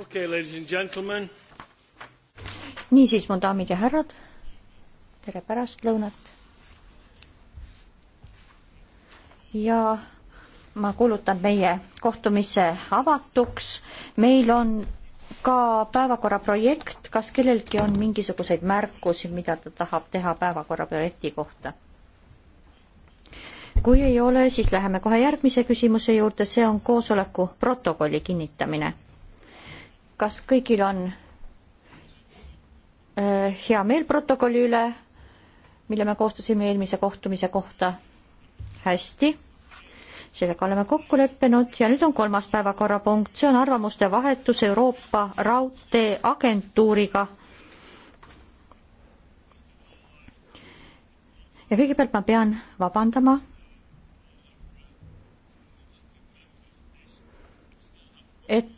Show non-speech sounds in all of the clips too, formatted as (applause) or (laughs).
okay, niisiis, mu daamid ja härrad, tere pärastlõunat. ja ma kuulutan meie kohtumise avatuks. meil on ka päevakorra projekt, kas kellelgi on mingisuguseid märkusi, mida ta tahab teha päevakorra projekti kohta? kui ei ole, siis läheme kohe järgmise küsimuse juurde, see on koosoleku protokolli kinnitamine kas kõigil on äh, hea meel protokolli üle, mille me koostasime eelmise kohtumise kohta? hästi, sellega oleme kokku leppinud ja nüüd on kolmas päevakorrapunkt, see on arvamuste vahetus Euroopa Raudteeagentuuriga. ja kõigepealt ma pean vabandama et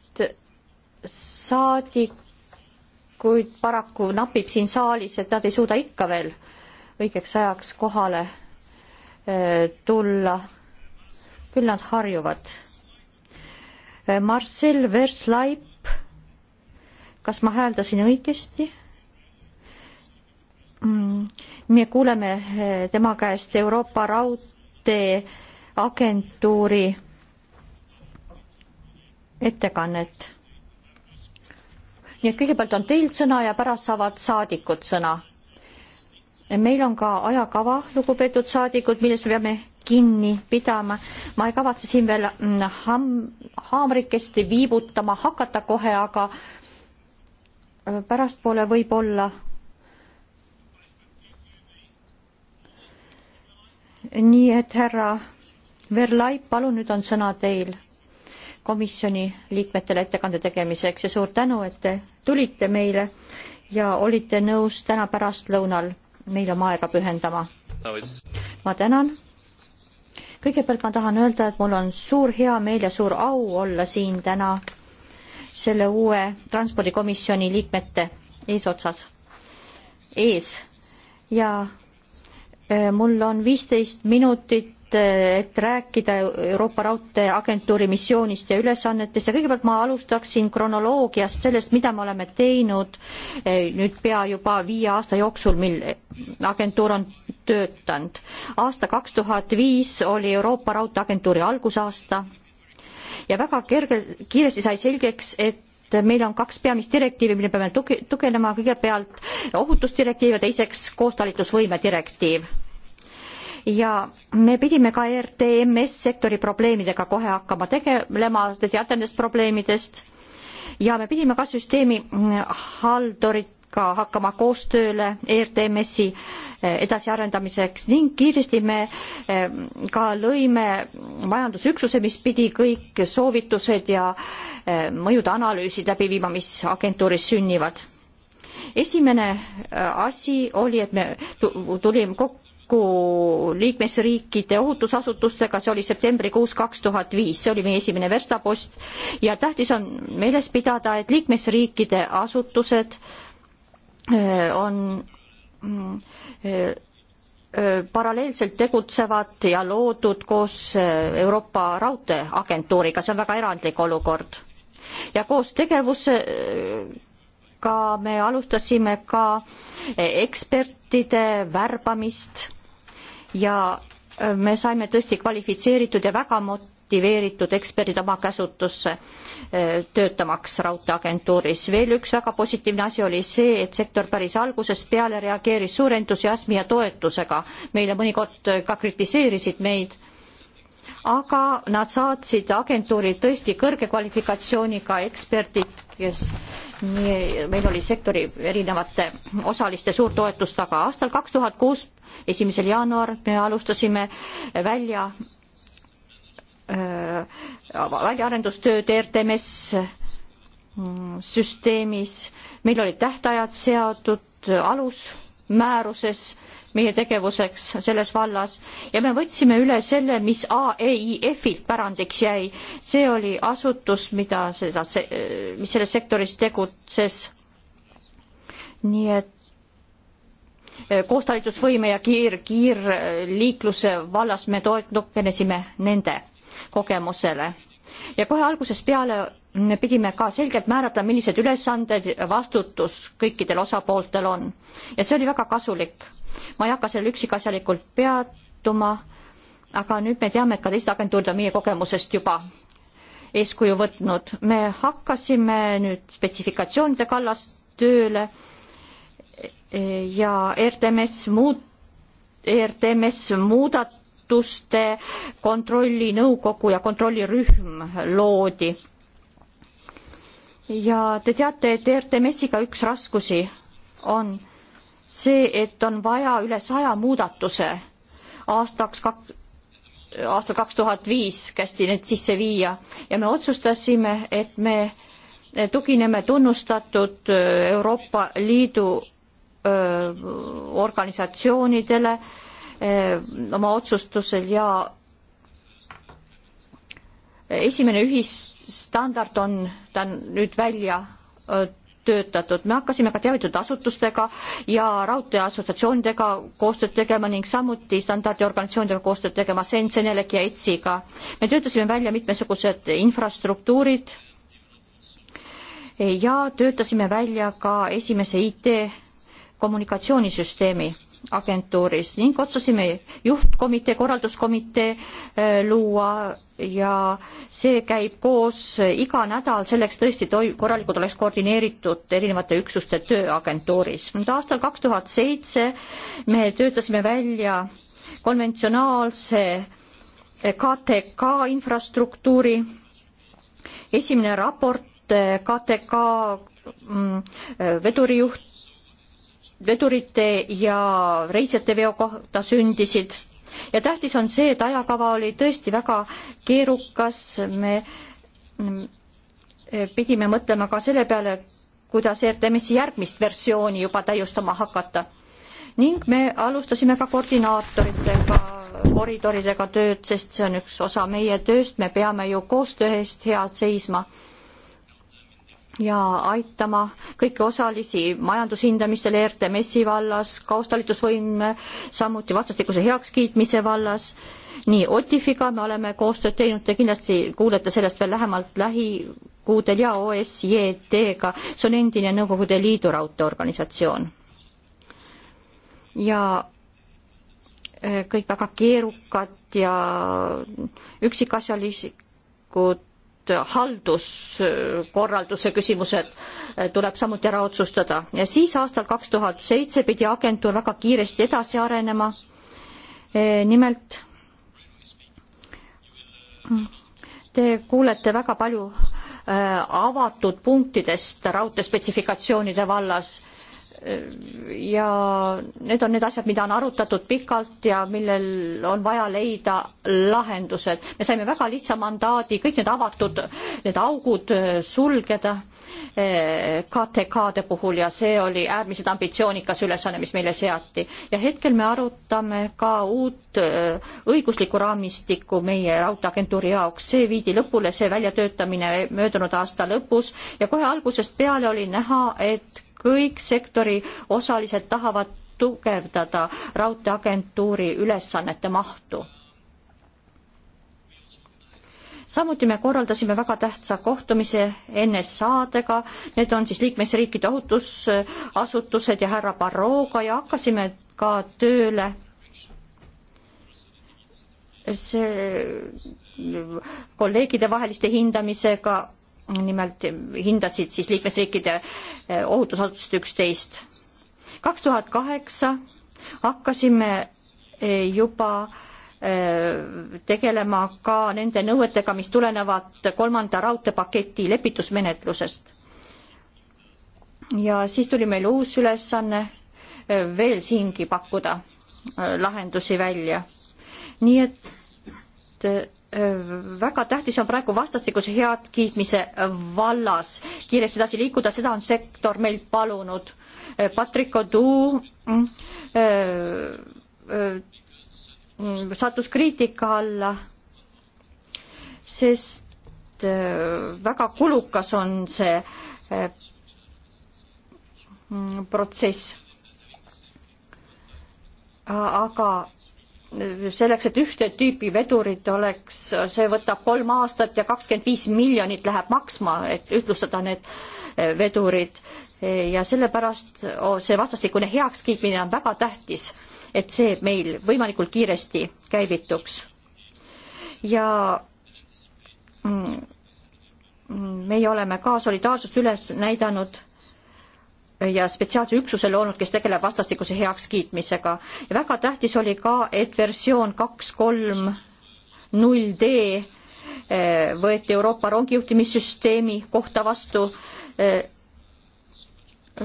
saadikuid paraku napib siin saalis, et nad ei suuda ikka veel õigeks ajaks kohale eh, tulla. küll nad harjuvad. Eh, Marcel Verslaip, kas ma hääldasin õigesti? Mm, me kuuleme eh, tema käest Euroopa Raudteeagentuuri ettekannet nii et kõigepealt on teil sõna ja pärast saavad saadikud sõna. meil on ka ajakava, lugupeetud saadikud, millest me peame kinni pidama. ma ei kavatse siin veel mm, ham-, haamrikesti viibutama hakata kohe, aga äh, pärastpoole võib-olla nii et härra Verlaip, palun, nüüd on sõna teil komisjoni liikmetele ettekande tegemiseks ja suur tänu, et te tulite meile ja olite nõus täna pärastlõunal meile oma aega pühendama. ma tänan. kõigepealt ma tahan öelda, et mul on suur heameel ja suur au olla siin täna selle uue transpordikomisjoni liikmete eesotsas, ees ja äh, mul on viisteist minutit et rääkida Euroopa Raudteeagentuuri missioonist ja ülesannetest ja kõigepealt ma alustaksin kronoloogiast sellest, mida me oleme teinud eh, nüüd pea juba viie aasta jooksul, mil agentuur on töötanud. aasta kaks tuhat viis oli Euroopa Raudteeagentuuri algusaasta ja väga kerge, kiiresti sai selgeks, et meil on kaks peamist direktiivi, mille peame tugi-, tugevnema, kõigepealt ohutusdirektiiv ja teiseks koostalitlusvõime direktiiv ja me pidime ka RTMS sektori probleemidega kohe hakkama tegelema, te teate nendest probleemidest, ja me pidime ka süsteemi mm, halduritega hakkama koostööle ERTMS-i eh, edasiarendamiseks ning kiiresti me eh, ka lõime majandusüksuse, mis pidi kõik soovitused ja eh, mõjude analüüsid läbi viima, mis agentuuris sünnivad esimene asi oli, et me tulime kokku kokku liikmesriikide ohutusasutustega, see oli septembrikuus kaks tuhat viis, see oli meie esimene verstapost ja tähtis on meeles pidada, et liikmesriikide asutused äh, on mm, äh, äh, paralleelselt tegutsevad ja loodud koos Euroopa Raudteeagentuuriga, see on väga erandlik olukord. ja koos tegevusega me alustasime ka ekspertide värbamist ja äh, me saime tõesti kvalifitseeritud ja väga motiveeritud eksperdid oma käsutusse äh, töötamaks raudteeagentuuris. veel üks väga positiivne asi oli see, et sektor päris algusest peale reageeris suure entusiasmi ja toetusega. meile mõnikord äh, ka kritiseerisid meid aga nad saatsid agentuuri tõesti kõrge kvalifikatsiooniga eksperdid, kes nii, meil oli sektori erinevate osaliste suur toetus taga. aastal kaks tuhat kuus, esimesel jaanuar me alustasime välja äh, väljaarendustööd RTMS mm, süsteemis, meil olid tähtajad seatud alusmääruses meie tegevuseks selles vallas ja me võtsime üle selle, mis AEIF-ilt pärandiks jäi. see oli asutus, mida seda, mis selles sektoris tegutses. nii et eh, koostalitusvõime ja kiir, kiirliikluse eh, vallas me toetunesime nende kogemusele ja kohe algusest peale me pidime ka selgelt määrata, millised ülesanded, vastutus kõikidel osapooltel on. ja see oli väga kasulik. ma ei hakka sellel üksikasjalikult peatuma, aga nüüd me teame, et ka teised agentuurid on meie kogemusest juba eeskuju võtnud. me hakkasime nüüd spetsifikatsioonide kallas tööle ja RTMS muut-, ERTMS muudatuste kontrollinõukogu ja kontrollirühm loodi ja te teate, et RTMS-iga üks raskusi on see, et on vaja üle saja muudatuse aastaks kak-, aastal kaks tuhat viis kästi need sisse viia ja me otsustasime, et me tugineme tunnustatud Euroopa Liidu öö, organisatsioonidele öö, oma otsustusel ja esimene ühisstandard on ta nüüd välja töötatud, me hakkasime ka teavitud asutustega ja raudtee assotsiatsioonidega koostööd tegema ning samuti standardiorganisatsioonidega koostööd tegema, SEN, Senelec ja ETSI-ga. me töötasime välja mitmesugused infrastruktuurid ja töötasime välja ka esimese IT kommunikatsioonisüsteemi agentuuris ning otsusime juhtkomitee, korralduskomitee äh, luua ja see käib koos äh, iga nädal, selleks tõesti toi-, korralikult oleks koordineeritud erinevate üksuste töö agentuuris. nüüd aastal kaks tuhat seitse me töötasime välja konventsionaalse KTK äh, infrastruktuuri, esimene raport KTK mm, vedurijuht vedurite ja reisijate veo kohta sündisid ja tähtis on see, et ajakava oli tõesti väga keerukas, me mm, pidime mõtlema ka selle peale, kuidas RTMS-i järgmist versiooni juba täiustama hakata. ning me alustasime ka koordinaatoritega, koridoridega tööd, sest see on üks osa meie tööst, me peame ju koostöö eest head seisma ja aitama kõiki osalisi majandushindamistel ERTMS-i vallas, kaustalitusvõime, samuti vastastikuse heakskiitmise vallas. nii Otifiga me oleme koostööd teinud, te kindlasti kuulete sellest veel lähemalt lähikuudel ja OSJT-ga, see on endine Nõukogude Liidu raudteeorganisatsioon. ja eh, kõik väga keerukad ja üksikasjalikud halduskorralduse küsimused tuleb samuti ära otsustada ja siis aastal kaks tuhat seitse pidi agentuur väga kiiresti edasi arenema. E, nimelt te kuulete väga palju e, avatud punktidest raudteespetsifikatsioonide vallas ja need on need asjad, mida on arutatud pikalt ja millel on vaja leida lahendused. me saime väga lihtsa mandaadi kõik need avatud, need augud sulgeda eh, KTK-de puhul ja see oli äärmiselt ambitsioonikas ülesanne, mis meile seati. ja hetkel me arutame ka uut eh, õiguslikku raamistikku meie raudteeagentuuri jaoks. see viidi lõpule, see väljatöötamine möödunud aasta lõpus ja kohe algusest peale oli näha, et kõik sektori osalised tahavad tugevdada raudteeagentuuri ülesannete mahtu. samuti me korraldasime väga tähtsa kohtumise NSA-dega, need on siis liikmesriikide ohutusasutused ja härra Barroga ja hakkasime ka tööle see kolleegide vaheliste hindamisega nimelt hindasid siis liikmesriikide eh, ohutusasutused üksteist. kaks tuhat kaheksa hakkasime eh, juba eh, tegelema ka nende nõuetega, mis tulenevad kolmanda raudteepaketi lepitusmenetlusest. ja siis tuli meil uus ülesanne veel siingi pakkuda lahendusi välja. nii et väga tähtis on praegu vastastikuse headkiitmise vallas kiiresti edasi liikuda, seda on sektor meil palunud. Eh, Patrick Oduu mm, eh, eh, sattus kriitika alla, sest väga kulukas on see mm, protsess. aga selleks, et ühte tüüpi vedurid oleks, see võtab kolm aastat ja kakskümmend viis miljonit läheb maksma, et ühtlustada need eh, vedurid. ja sellepärast oh, see vastastikune heakskiitmine on väga tähtis, et see meil võimalikult kiiresti käivituks. ja mm, mm, meie oleme ka solidaarsust üles näidanud ja spetsiaalse üksusele olnud, kes tegeleb vastastikuse heakskiitmisega. ja väga tähtis oli ka, et versioon kaks kolm null D eh, võeti Euroopa rongijuhtimissüsteemi kohta vastu. Eh,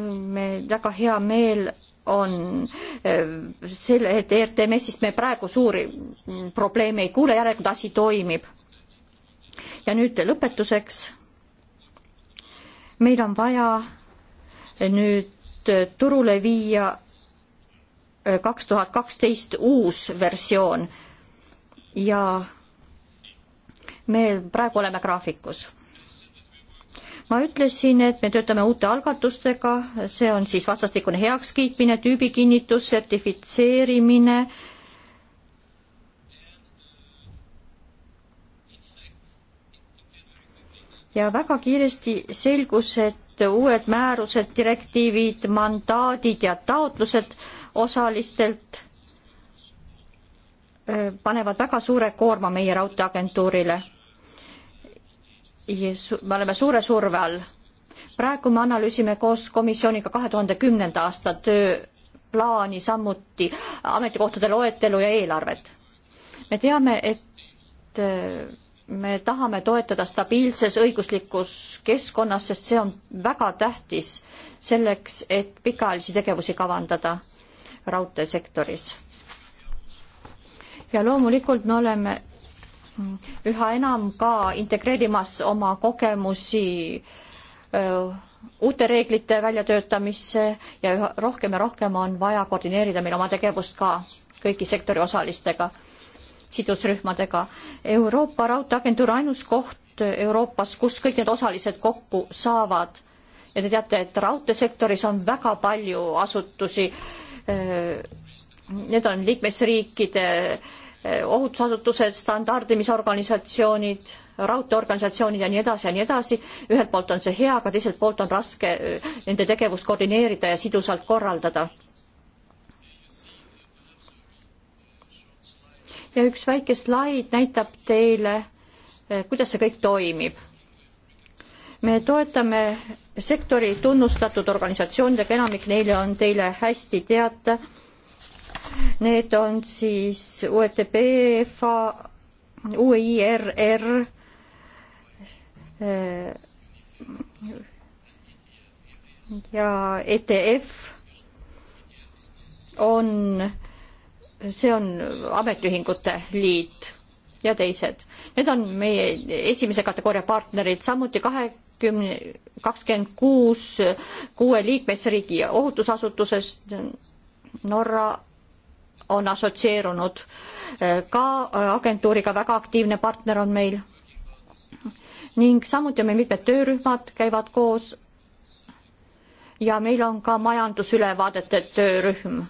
meil väga hea meel on eh, selle, et e RTMS-ist me praegu suuri probleeme ei kuule, järelikult asi toimib. ja nüüd lõpetuseks. meil on vaja nüüd äh, turule viia äh, kaks tuhat kaksteist uus versioon ja me praegu oleme graafikus. ma ütlesin, et me töötame uute algatustega, see on siis vastastikune heakskiitmine, tüübikinnitus, sertifitseerimine, ja väga kiiresti selgus, et uued määrused, direktiivid, mandaadid ja taotlused osalistelt äh, panevad väga suure koorma meie raudteeagentuurile. me oleme suure surve all. praegu me analüüsime koos komisjoniga kahe tuhande kümnenda aasta tööplaani, samuti ametikohtade loetelu ja eelarvet. me teame, et äh, me tahame toetada stabiilses õiguslikus keskkonnas, sest see on väga tähtis selleks, et pikaajalisi tegevusi kavandada raudteesektoris. ja loomulikult me oleme üha enam ka integreerimas oma kogemusi öö, uute reeglite väljatöötamisse ja üha rohkem ja rohkem on vaja koordineerida meil oma tegevust ka kõigi sektori osalistega sidusrühmadega. Euroopa Raudteeagentuur ainus koht Euroopas, kus kõik need osalised kokku saavad. ja te teate, et raudteesektoris on väga palju asutusi. Need on liikmesriikide eh, ohutusasutused, standardimisorganisatsioonid, raudteeorganisatsioonid ja nii edasi ja nii edasi. ühelt poolt on see hea, aga teiselt poolt on raske eh, nende tegevust koordineerida ja sidusalt korraldada ja üks väike slaid näitab teile, eh, kuidas see kõik toimib. me toetame sektori tunnustatud organisatsioonidega, enamik neile on teile hästi teada. Need on siis UETB, FA, UIRR, e eh, ja ETF on see on Ametiühingute Liit ja teised. Need on meie esimese kategooria partnerid, samuti kahekümne, kakskümmend kuus kuue liikmesriigi ohutusasutusest. Norra on assotsieerunud ka agentuuriga, väga aktiivne partner on meil. ning samuti on meil mitmed töörühmad käivad koos. ja meil on ka majandusülevaadete töörühm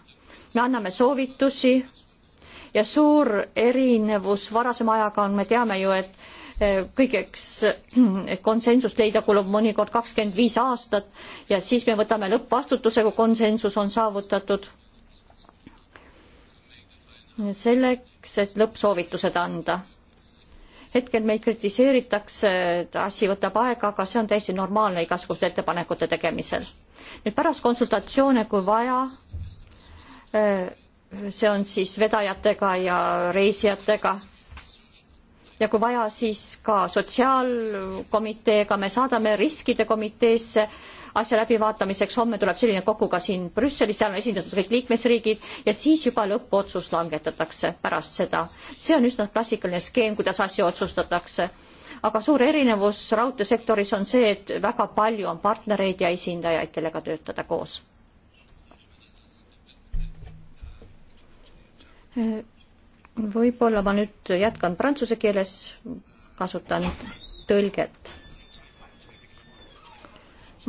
me anname soovitusi ja suur erinevus varasema ajaga on, me teame ju, et eh, kõigeks, et konsensust leida kulub mõnikord kakskümmend viis aastat ja siis me võtame lõppvastutuse, kui konsensus on saavutatud. selleks, et lõppsoovitused anda. hetkel meid kritiseeritakse, et asi võtab aega, aga see on täiesti normaalne igasuguste ettepanekute tegemisel. nüüd pärast konsultatsioone, kui vaja, see on siis vedajatega ja reisijatega. ja kui vaja, siis ka sotsiaalkomiteega, me saadame riskide komiteesse asja läbivaatamiseks, homme tuleb selline kokku ka siin Brüsselis, seal on esindatud kõik liikmesriigid ja siis juba lõppotsus langetatakse pärast seda. see on üsna klassikaline skeem, kuidas asju otsustatakse. aga suur erinevus raudteesektoris on see, et väga palju on partnereid ja esindajaid, kellega töötada koos võib-olla ma nüüd jätkan prantsuse keeles, kasutan tõlget.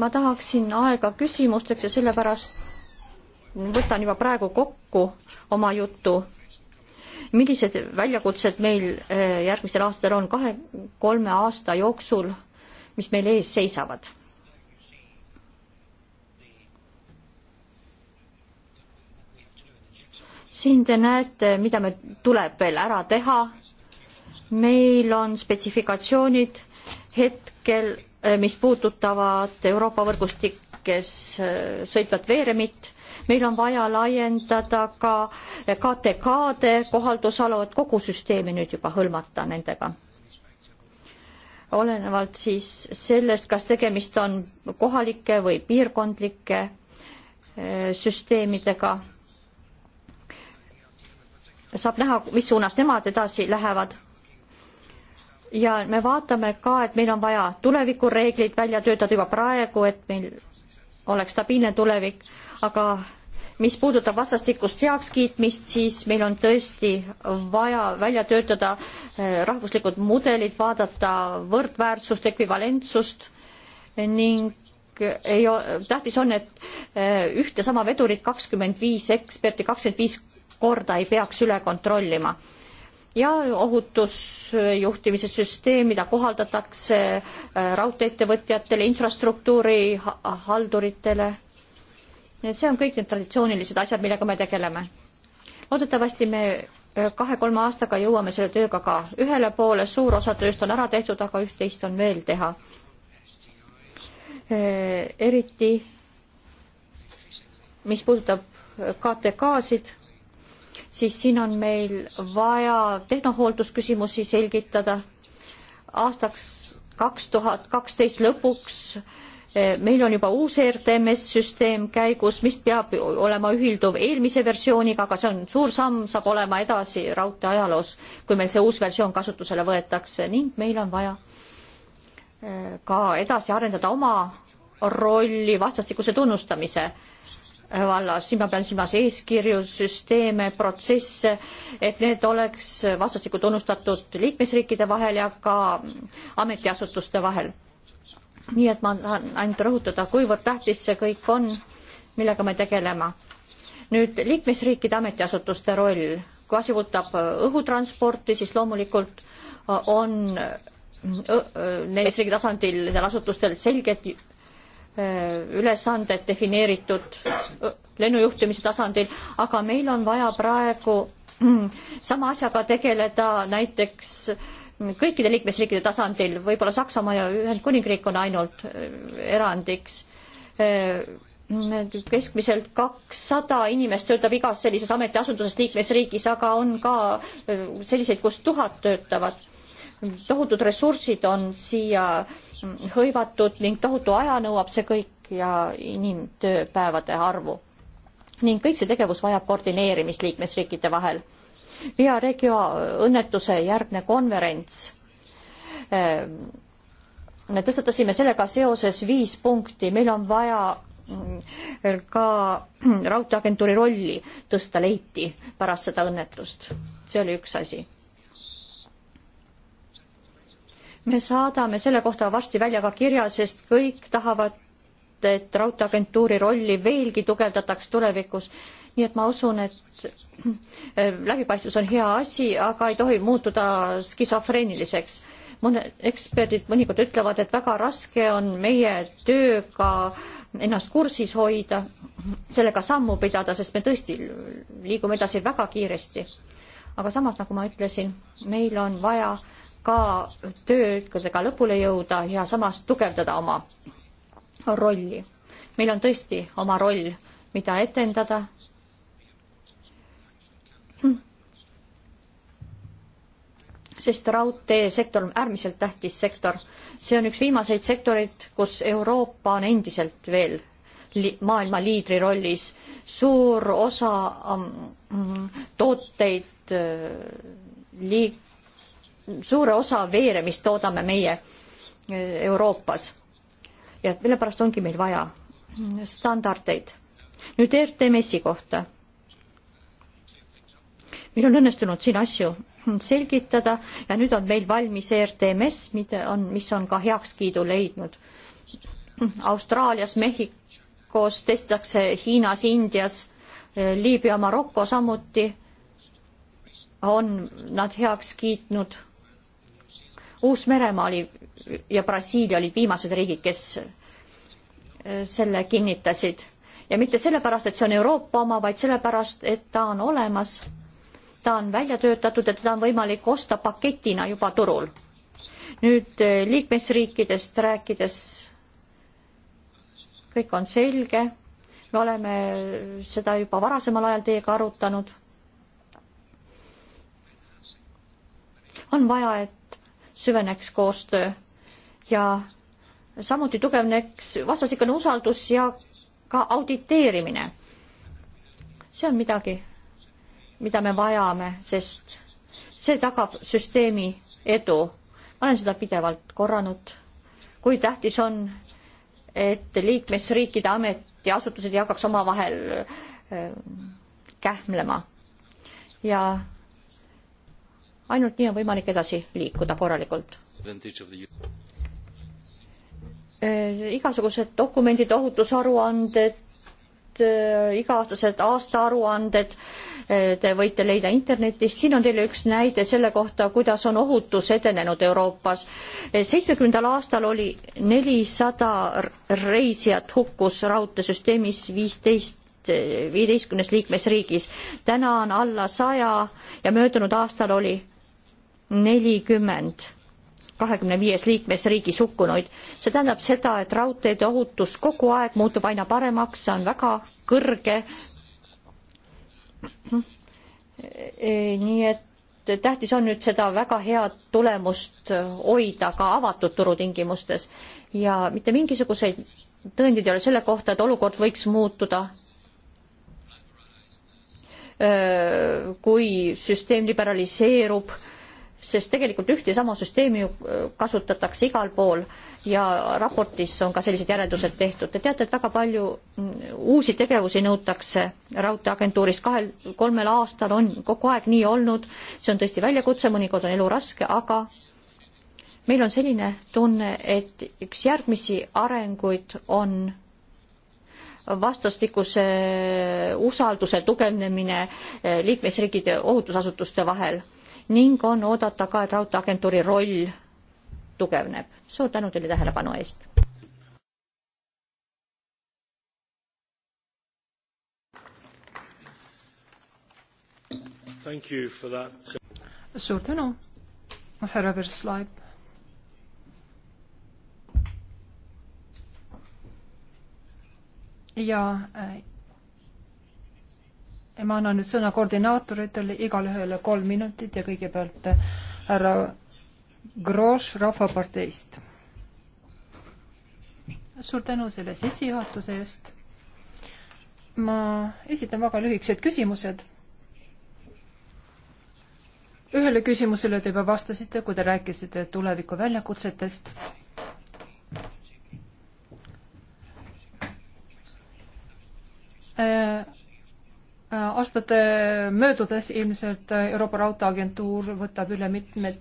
ma tahaksin aega küsimusteks ja sellepärast võtan juba praegu kokku oma jutu. millised väljakutsed meil eh, järgmisel aastal on kahe-kolme aasta jooksul, mis meil ees seisavad? siin te näete, mida me tuleb veel ära teha. meil on spetsifikatsioonid hetkel, eh, mis puudutavad Euroopa võrgustikes eh, sõitvat veeremit. meil on vaja laiendada ka KTK-de kohaldusala, et kogu süsteemi nüüd juba hõlmata nendega olenevalt siis sellest, kas tegemist on kohalike või piirkondlike eh, süsteemidega saab näha, mis suunas nemad edasi lähevad. ja me vaatame ka, et meil on vaja tulevikureeglid välja töötada juba praegu, et meil oleks stabiilne tulevik, aga mis puudutab vastastikust heakskiitmist, siis meil on tõesti vaja välja töötada eh, rahvuslikud mudelid, vaadata võrdväärsust, ekvivalentsust ning ei, tähtis on, et eh, ühte sama vedurit kakskümmend viis eksperti, kakskümmend viis korda ei peaks üle kontrollima. ja ohutusjuhtimise süsteem, mida kohaldatakse äh, raudtee-ettevõtjatele, infrastruktuuri halduritele. see on kõik need traditsioonilised asjad, millega me tegeleme. loodetavasti me äh, kahe-kolme aastaga jõuame selle tööga ka ühele poole, suur osa tööst on ära tehtud, aga üht-teist on veel teha. Äh, eriti mis puudutab KTK-sid siis siin on meil vaja tehnohooldusküsimusi selgitada. aastaks kaks tuhat kaksteist lõpuks eh, meil on juba uus RTMS süsteem käigus, mis peab olema ühilduv eelmise versiooniga, aga see on suur samm, saab olema edasi raudtee ajaloos, kui meil see uus versioon kasutusele võetakse ning meil on vaja eh, ka edasi arendada oma rolli vastastikuse tunnustamise vallas, siin ma pean silmas eeskirju, süsteeme, protsesse, et need oleks vastastikku tunnustatud liikmesriikide vahel ja ka ametiasutuste vahel. nii et ma tahan ainult rõhutada, kuivõrd tähtis see kõik on, millega me tegeleme. nüüd liikmesriikide ametiasutuste roll, kui asi puudutab õhutransporti, siis loomulikult on äh, äh, neis riigi tasandil, nendel asutustel selged Äh, ülesanded defineeritud äh, lennujuhtimise tasandil, aga meil on vaja praegu mm, sama asjaga tegeleda näiteks kõikide liikmesriikide tasandil, võib-olla Saksamaa ja Ühendkuningriik on ainult äh, erandiks. keskmiselt kakssada inimest töötab igas sellises ametiasunduses liikmesriigis, aga on ka selliseid, kus tuhat töötavad. tohutud ressursid on siia hõivatud ning tohutu aja nõuab see kõik ja inimtööpäevade arvu. ning kõik see tegevus vajab koordineerimist liikmesriikide vahel. Via Regio õnnetuse järgne konverents. Ehm, me tõstatasime sellega seoses viis punkti, meil on vaja mm, ka mm, raudteeagentuuri rolli tõsta leiti pärast seda õnnetust. see oli üks asi me saadame selle kohta varsti välja ka kirja, sest kõik tahavad, et raudteeagentuuri rolli veelgi tugevdataks tulevikus. nii et ma usun, et läbipaistvus on hea asi, aga ei tohi muutuda skisofreeniliseks. mõned eksperdid mõnikord ütlevad, et väga raske on meie tööga ennast kursis hoida, sellega sammu pidada, sest me tõesti liigume edasi väga kiiresti. aga samas, nagu ma ütlesin, meil on vaja äh, ka töödega lõpule jõuda ja samas tugevdada oma rolli. meil on tõesti oma roll, mida etendada. sest raudteesektor on äärmiselt tähtis sektor. see on üks viimaseid sektoreid, kus Euroopa on endiselt veel li maailma liidri rollis. suur osa um, tooteid äh, liik-, suure osa veeremist toodame meie e, Euroopas. ja sellepärast ongi meil vaja standardeid. nüüd RTMS-i kohta. meil on õnnestunud siin asju selgitada ja nüüd on meil valmis ERTMS, mida on, mis on ka heakskiidu leidnud. Austraalias, Mehhikos testitakse, Hiinas, Indias, e, Liibüa, Maroko samuti on nad heaks kiitnud Uus-Meremaa oli ja Brasiilia olid viimased riigid, kes äh, selle kinnitasid ja mitte sellepärast, et see on Euroopa oma, vaid sellepärast, et ta on olemas, ta on välja töötatud ja teda on võimalik osta paketina juba turul. nüüd äh, liikmesriikidest rääkides, kõik on selge, me oleme seda juba varasemal ajal teiega arutanud. on vaja, et süveneks koostöö ja samuti tugevneks vastasikune usaldus ja ka auditeerimine. see on midagi, mida me vajame, sest see tagab süsteemi edu. ma olen seda pidevalt korranud, kui tähtis on, et liikmesriikide ametiasutused ei hakkaks omavahel äh, kähmlema ja ainult nii on võimalik edasi liikuda korralikult. Äh, igasugused dokumendid, ohutusaruanded, äh, iga-aastased aastaaruanded äh, te võite leida internetist. siin on teile üks näide selle kohta, kuidas on ohutus edenenud Euroopas. seitsmekümnendal aastal oli nelisada reisijat hukkus raudteesüsteemis viisteist viieteistkümnes liikmesriigis. täna on alla saja ja möödunud aastal oli nelikümmend kahekümne viies liikmesriigis hukkunuid. see tähendab seda, et raudteede ohutus kogu aeg muutub aina paremaks, see on väga kõrge. E, nii et tähtis on nüüd seda väga head tulemust hoida ka avatud turu tingimustes ja mitte mingisuguseid tõendeid ei ole selle kohta, et olukord võiks muutuda. E, kui süsteem liberaliseerub sest tegelikult üht ja sama süsteemi ju äh, kasutatakse igal pool ja raportis on ka sellised järeldused tehtud. Te teate, et väga palju mm, uusi tegevusi nõutakse raudteeagentuurist, kahel, kolmel aastal on kogu aeg nii olnud, see on tõesti väljakutse, mõnikord on elu raske, aga meil on selline tunne, et üks järgmisi arenguid on vastastikuse usalduse tugevnemine äh, liikmesriikide ohutusasutuste vahel ning on oodata ka, et raudteeagentuuri roll tugevneb. suur tänu teile tähelepanu eest. suur tänu, härra Verslaev. ja äh, ma annan nüüd sõna koordinaatoritele, igale ühele kolm minutit ja kõigepealt härra Grosch Rahvaparteist. suur tänu selle sissejuhatuse eest. ma esitan väga lühikesed küsimused. ühele küsimusele te juba vastasite, kui te rääkisite tuleviku väljakutsetest. Äh, Äh, aastate möödudes ilmselt äh, Euroopa Raudteeagentuur võtab üle mitmed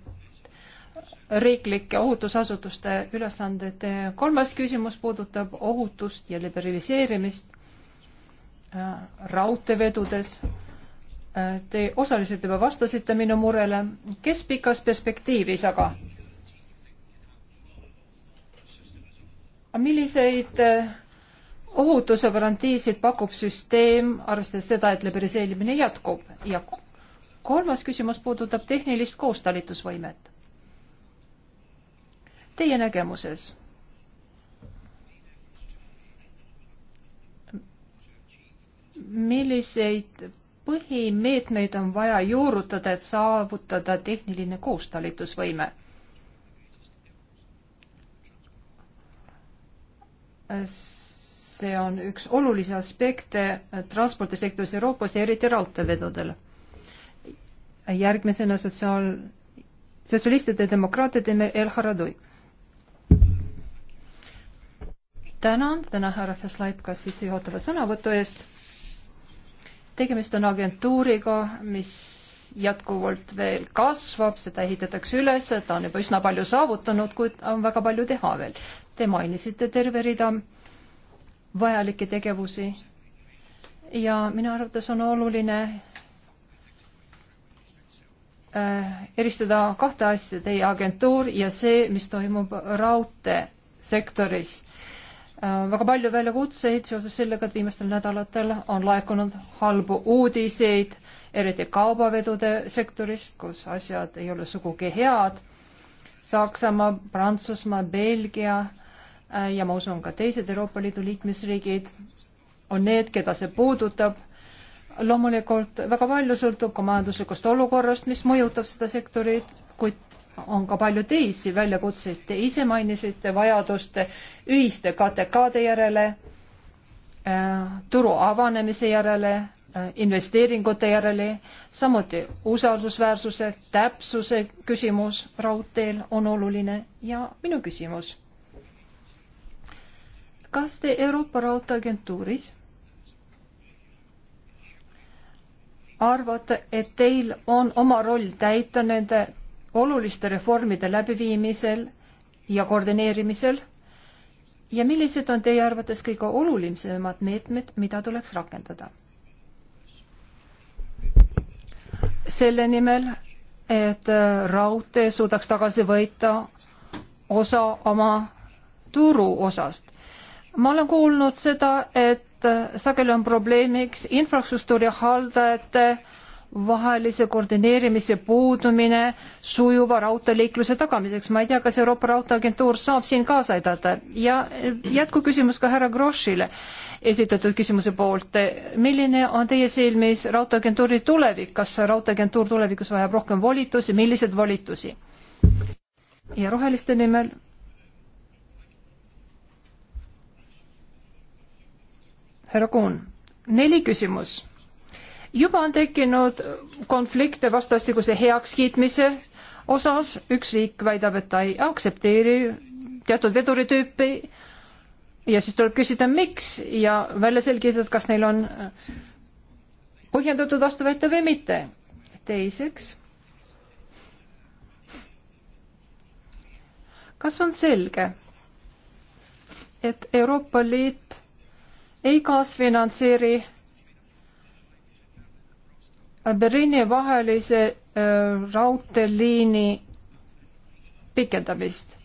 riiklike ohutusasutuste ülesanded. Äh, kolmas küsimus puudutab ohutust ja liberaliseerimist raudteevedudes. Te osaliselt juba vastasite minu murele. kes pikas perspektiivis aga? milliseid ohutuse garantiisid pakub süsteem, arvestades seda, et liberaliseerimine jätkub ja kolmas küsimus puudutab tehnilist koostalitusvõimet. Teie nägemuses milliseid põhimeetmeid on vaja juurutada, et saavutada tehniline koostalitusvõime? S see on üks olulisi aspekte transpordisektoris Euroopas ja eriti raudteevedudel. järgmisena sotsiaal, sotsialistide demokraatide El Haradui. tänan, tänan härra Feslaip ka sissejuhatava sõnavõtu eest. tegemist on agentuuriga, mis jätkuvalt veel kasvab, seda ehitatakse üles, ta on juba üsna palju saavutanud, kuid on väga palju teha veel. Te mainisite terve rida vajalikke tegevusi. ja minu arvates on oluline äh, eristada kahte asja, teie agentuur ja see, mis toimub raudteesektoris. Äh, väga palju väljakutseid seoses sellega, et viimastel nädalatel on laekunud halbu uudiseid, eriti kaubavedude sektoris, kus asjad ei ole sugugi head. Saksamaa, Prantsusmaa, Belgia Äh, ja ma usun, ka teised Euroopa Liidu liikmesriigid on need, keda see puudutab. loomulikult väga palju sõltub ka majanduslikust olukorrast, mis mõjutab seda sektorit, kuid on ka palju teisi väljakutseid. Te ise mainisite vajadust ühiste KTK-de järele, äh, turu avanemise järele, äh, investeeringute järele, samuti usaldusväärsuse, täpsuse küsimus raudteel on oluline ja minu küsimus kas te Euroopa Raudteeagentuuris arvate, et teil on oma roll täita nende oluliste reformide läbiviimisel ja koordineerimisel ja millised on teie arvates kõige olulisemad meetmed, mida tuleks rakendada? selle nimel, et äh, raudtee suudaks tagasi võita osa oma turuosast ma olen kuulnud seda, et sageli on probleemiks infrastruktuuri haldajate vahelise koordineerimise puudumine sujuva raudteeliikluse tagamiseks. ma ei tea, kas Euroopa Raudteeagentuur saab siin kaasa aidata ja jätkuküsimus ka härra Groschile esitatud küsimuse poolt. milline on teie silmis Raudteeagentuuri tulevik, kas Raudteeagentuur tulevikus vajab rohkem volitusi, milliseid volitusi? ja roheliste nimel härra Kuhn, neli küsimus. juba on tekkinud konflikte vastastikuse heakskiitmise osas, üks riik väidab, et ta ei aktsepteeri teatud veduritüüpi ja siis tuleb küsida, miks ja välja selgitada, kas neil on põhjendatud vastuväite või mitte. teiseks, kas on selge, et Euroopa Liit ei kaasfinantseeri Berliini vahelise äh, raudteeliini pikendamist.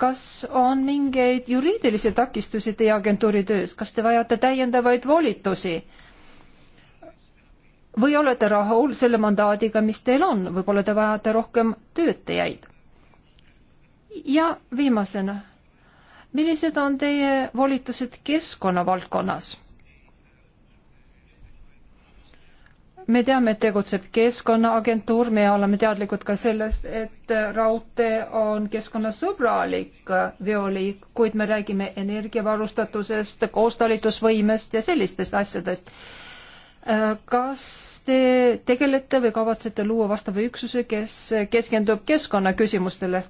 kas on mingeid juriidilisi takistusi teie agentuuri töös, kas te vajate täiendavaid volitusi? või olete rahul selle mandaadiga, mis teil on, võib-olla te vajate rohkem töötajaid? ja viimasena millised on teie volitused keskkonna valdkonnas? me teame, et tegutseb Keskkonnaagentuur, me oleme teadlikud ka sellest, et raudtee on keskkonnasõbralik veoliik, kuid me räägime energiavarustatusest, koostalitusvõimest ja sellistest asjadest. kas te tegelete või kavatsete luua vastava üksuse, kes keskendub keskkonnaküsimustele?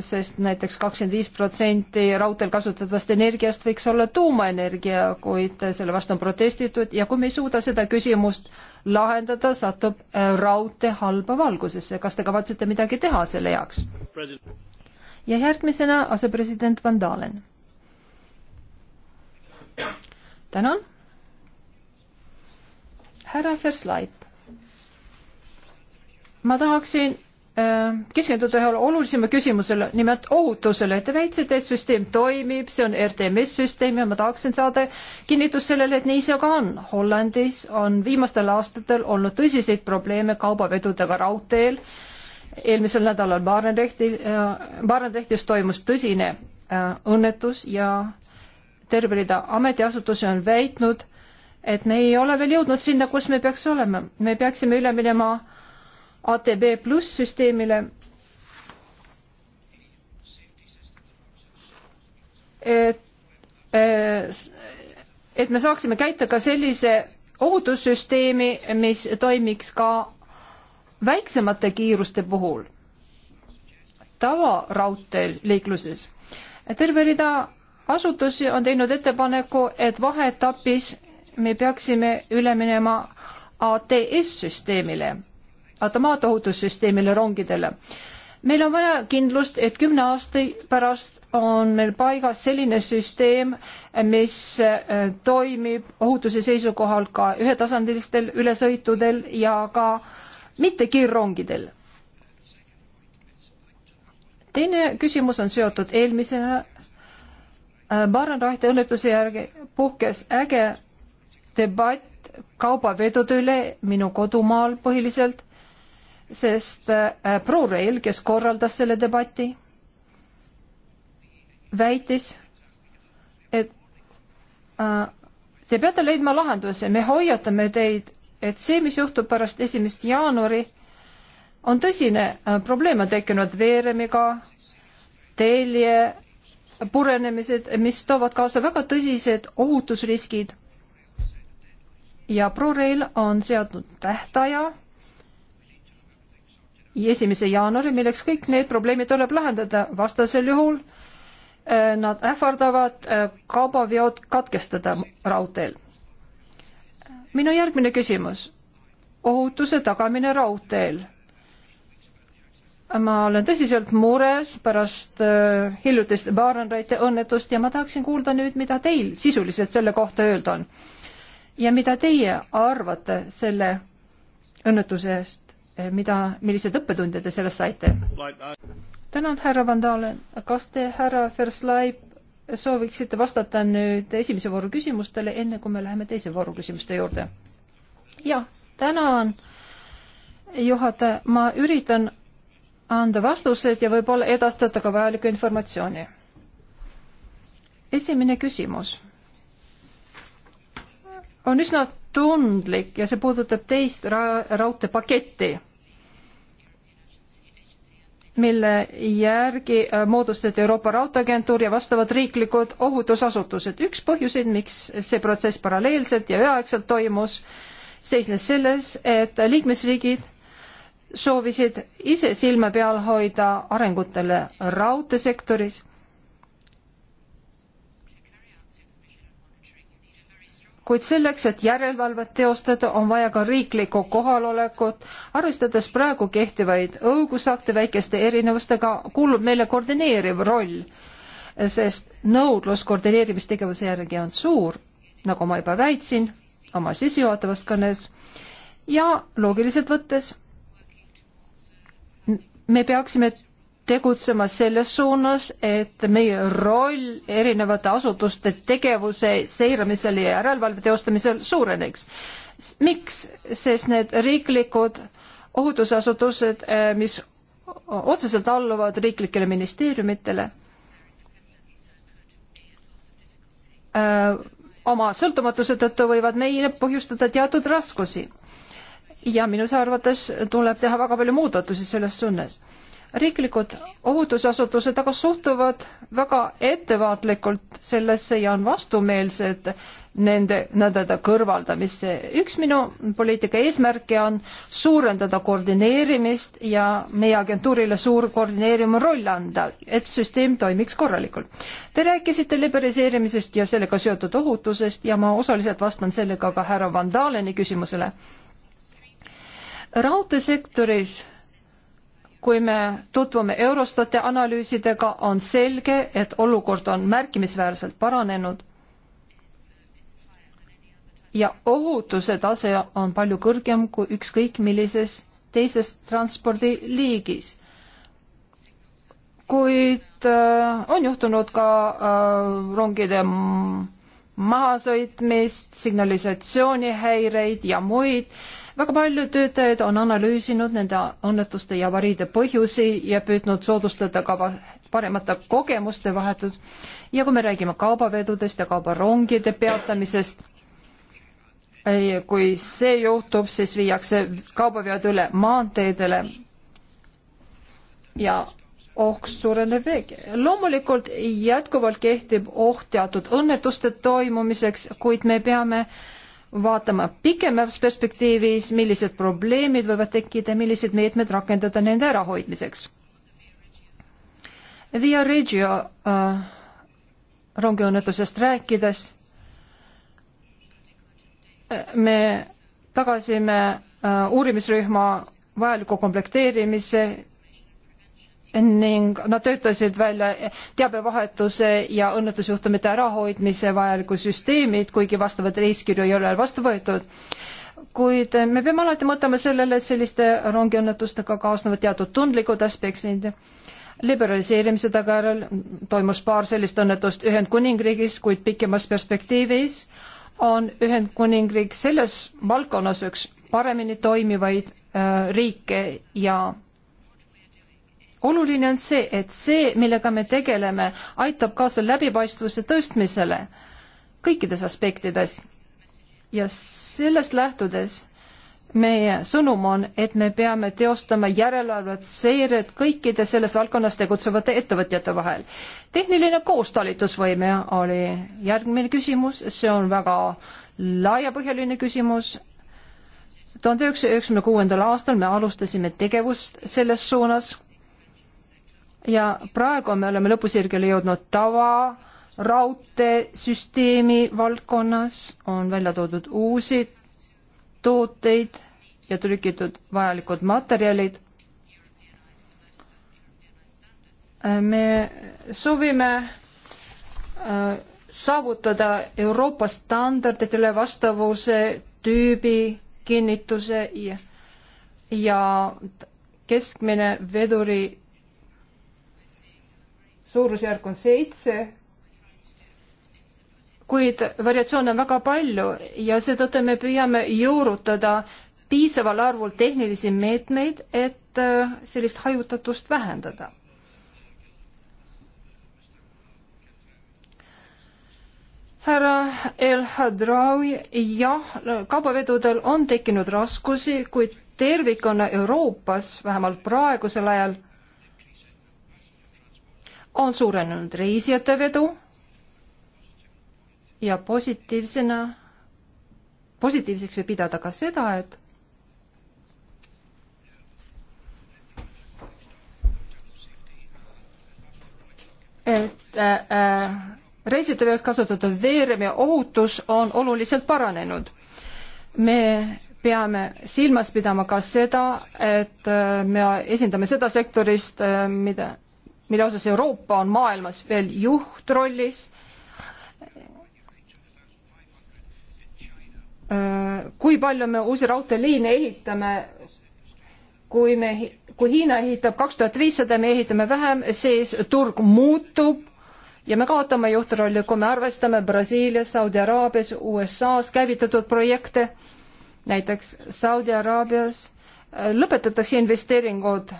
sest näiteks kakskümmend viis protsenti raudteel kasutatavast energiast võiks olla tuumaenergia, kuid selle vastu on protestitud ja kui me ei suuda seda küsimust lahendada, satub äh, raudtee halba valgusesse. kas te kavatsete midagi teha selle jaoks? ja järgmisena asepresident Van Dalen. tänan. härra Verslaip. ma tahaksin keskenduda ühele olulisema küsimusele, nimelt ohutusele. Te väitsite, et süsteem toimib, see on RTMS süsteem ja ma tahaksin saada kinnitust sellele, et nii see ka on. Hollandis on viimastel aastatel olnud tõsiseid probleeme kaubavedudega raudteel. eelmisel nädalal Barendrechtil, äh, Barendrechtis toimus tõsine äh, õnnetus ja terve rida ametiasutusi on väitnud, et me ei ole veel jõudnud sinna, kus me peaks olema. me peaksime üle minema äh, ATB pluss süsteemile et, eh, et me saaksime käita ka sellise ohutussüsteemi, mis toimiks ka väiksemate kiiruste puhul tavaraudteel liikluses. terve rida asutusi on teinud ettepaneku, et vaheetapis me peaksime üle minema ATS-süsteemile automaatohutussüsteemile rongidele. meil on vaja kindlust, et kümne aasta pärast on meil paigas selline süsteem, mis äh, toimib ohutuse seisukohalt ka ühetasandilistel ülesõitudel ja ka mitte kiirrongidel. teine küsimus on seotud eelmisena. Barrenrahte äh, õnnetuse järgi puhkes äge debatt kaubavedude üle minu kodumaal põhiliselt sest äh, ProRail, kes korraldas selle debati, väitis, et äh, te peate leidma lahenduse, me hoiatame teid, et see, mis juhtub pärast esimest jaanuari, on tõsine äh, probleem, on tekkinud veeremiga, telje purenemised, mis toovad kaasa väga tõsised ohutusriskid. ja ProRail on seadnud tähtaja esimese jaanuari, milleks kõik need probleemid tuleb lahendada, vastasel juhul äh, nad ähvardavad äh, kaubaveod katkestada raudteel. minu järgmine küsimus, ohutuse tagamine raudteel. ma olen tõsiselt mures pärast äh, hiljutist Baarenreite õnnetust ja ma tahaksin kuulda nüüd, mida teil sisuliselt selle kohta öelda on. ja mida teie arvate selle õnnetuse eest? Eh, mida, millised õppetundid te sellest saite? tänan, härra Vandale. kas te, härra Verslaip, sooviksite vastata nüüd esimese vooru küsimustele, enne kui me läheme teise vooru küsimuste juurde? jah, tänan, juhataja. ma üritan anda vastused ja võib-olla edastada ka vajalikku informatsiooni. esimene küsimus on üsna tundlik ja see puudutab teist ra raudteepaketti, mille järgi äh, moodustati Euroopa Raudteeagentuur ja vastavad riiklikud ohutusasutused. üks põhjuseid, miks see protsess paralleelselt ja üheaegselt toimus, seisnes selles, et liikmesriigid soovisid ise silma peal hoida arengutele raudteesektoris kuid selleks, et järelevalvet teostada, on vaja ka riiklikku kohalolekut. arvestades praegu kehtivaid õigusakte väikeste erinevustega, kuulub meile koordineeriv roll, sest nõudlus koordineerimistegevuse järgi on suur, nagu ma juba väitsin oma sissejuhatavas kõnes, ja loogiliselt võttes me peaksime tegutsema selles suunas, et meie roll erinevate asutuste tegevuse seiramisel ja järelevalve teostamisel suureneks. miks? sest need riiklikud ohutusasutused, eh, mis otseselt alluvad riiklikele ministeeriumitele, eh, oma sõltumatuse tõttu võivad meile põhjustada teatud raskusi. ja minu arvates tuleb teha väga palju muudatusi selles suunas riiklikud ohutusasutused aga suhtuvad väga ettevaatlikult sellesse ja on vastumeelsed nende nõndade kõrvaldamisse. üks minu poliitika eesmärke on suurendada koordineerimist ja meie agentuurile suur koordineerima roll anda, et süsteem toimiks korralikult. Te rääkisite liberaliseerimisest ja sellega seotud ohutusest ja ma osaliselt vastan sellega ka härra Van Daleni küsimusele. raudteesektoris kui me tutvume Eurostati analüüsidega, on selge, et olukord on märkimisväärselt paranenud ja ohutuse tase on palju kõrgem kui ükskõik millises teises transpordiliigis. kuid äh, on juhtunud ka äh, rongide mahasõitmist, signalisatsioonihäireid ja muid äh, väga paljud töötajad on analüüsinud nende õnnetuste ja avariide põhjusi ja püüdnud soodustada ka paremate kogemuste vahetust. ja kui me räägime kaubavedudest ja kaubarongide peatamisest, kui see juhtub, siis viiakse kaubaveod üle maanteedele ja oht suureneb veelgi. loomulikult jätkuvalt kehtib oht teatud õnnetuste toimumiseks, kuid me peame äh, vaatama pikemas perspektiivis, millised probleemid võivad tekkida, millised meetmed rakendada nende ärahoidmiseks. Via Regio äh, rongiõnnetusest rääkides äh, me tagasime äh, uurimisrühma vajaliku komplekteerimise ning nad töötasid välja teabevahetuse ja õnnetusjuhtumite ärahoidmise vajalikud süsteemid, kuigi vastavaid reiskirju ei ole vastu võetud. kuid me peame alati mõtlema sellele, et selliste rongiõnnetustega kaasnevad teatud tundlikud aspektid. liberaliseerimise tagajärjel toimus paar sellist õnnetust Ühendkuningriigis, kuid pikemas perspektiivis on Ühendkuningriik selles valdkonnas üks paremini toimivaid äh, riike ja oluline on see, et see, millega me tegeleme, aitab kaasa läbipaistvuse tõstmisele kõikides aspektides. ja sellest lähtudes meie sõnum on, et me peame teostama järelevalvet, seiret kõikide selles valdkonnas tegutsevate ettevõtjate vahel. tehniline koostalitusvõime oli järgmine küsimus, see on väga laiapõhjaline küsimus. tuhande üheksasaja üheksakümne kuuendal aastal me alustasime tegevust selles suunas ja praegu me oleme lõpusirgele jõudnud tava raudteesüsteemi valdkonnas, on välja toodud uusi tooteid ja trükitud vajalikud materjalid. me soovime äh, saavutada Euroopa standarditele vastavuse tüübi kinnituse ja, ja keskmine veduri suurusjärk on seitse, kuid variatsioone on väga palju ja seetõttu me püüame juurutada piisaval arvul tehnilisi meetmeid, et äh, sellist hajutatust vähendada. härra El Hadraoui, jah, kaubavedudel on tekkinud raskusi, kuid tervikuna Euroopas, vähemalt praegusel ajal on suurenenud reisijate vedu ja positiivsena, positiivseks võib pidada ka seda, et et äh, äh reisijate pealt kasutatud veerem ja ohutus on oluliselt paranenud. me peame silmas pidama ka seda, et äh, me esindame seda sektorist äh,, mida mille osas Euroopa on maailmas veel juhtrollis. kui palju me uusi raudteeliine ehitame, kui me, kui Hiina ehitab kaks tuhat viissada, me ehitame vähem, siis turg muutub ja me kaotame juhtrolli, kui me arvestame Brasiilias, Saudi Araabias, USA-s käivitatud projekte, näiteks Saudi Araabias äh, lõpetatakse investeeringud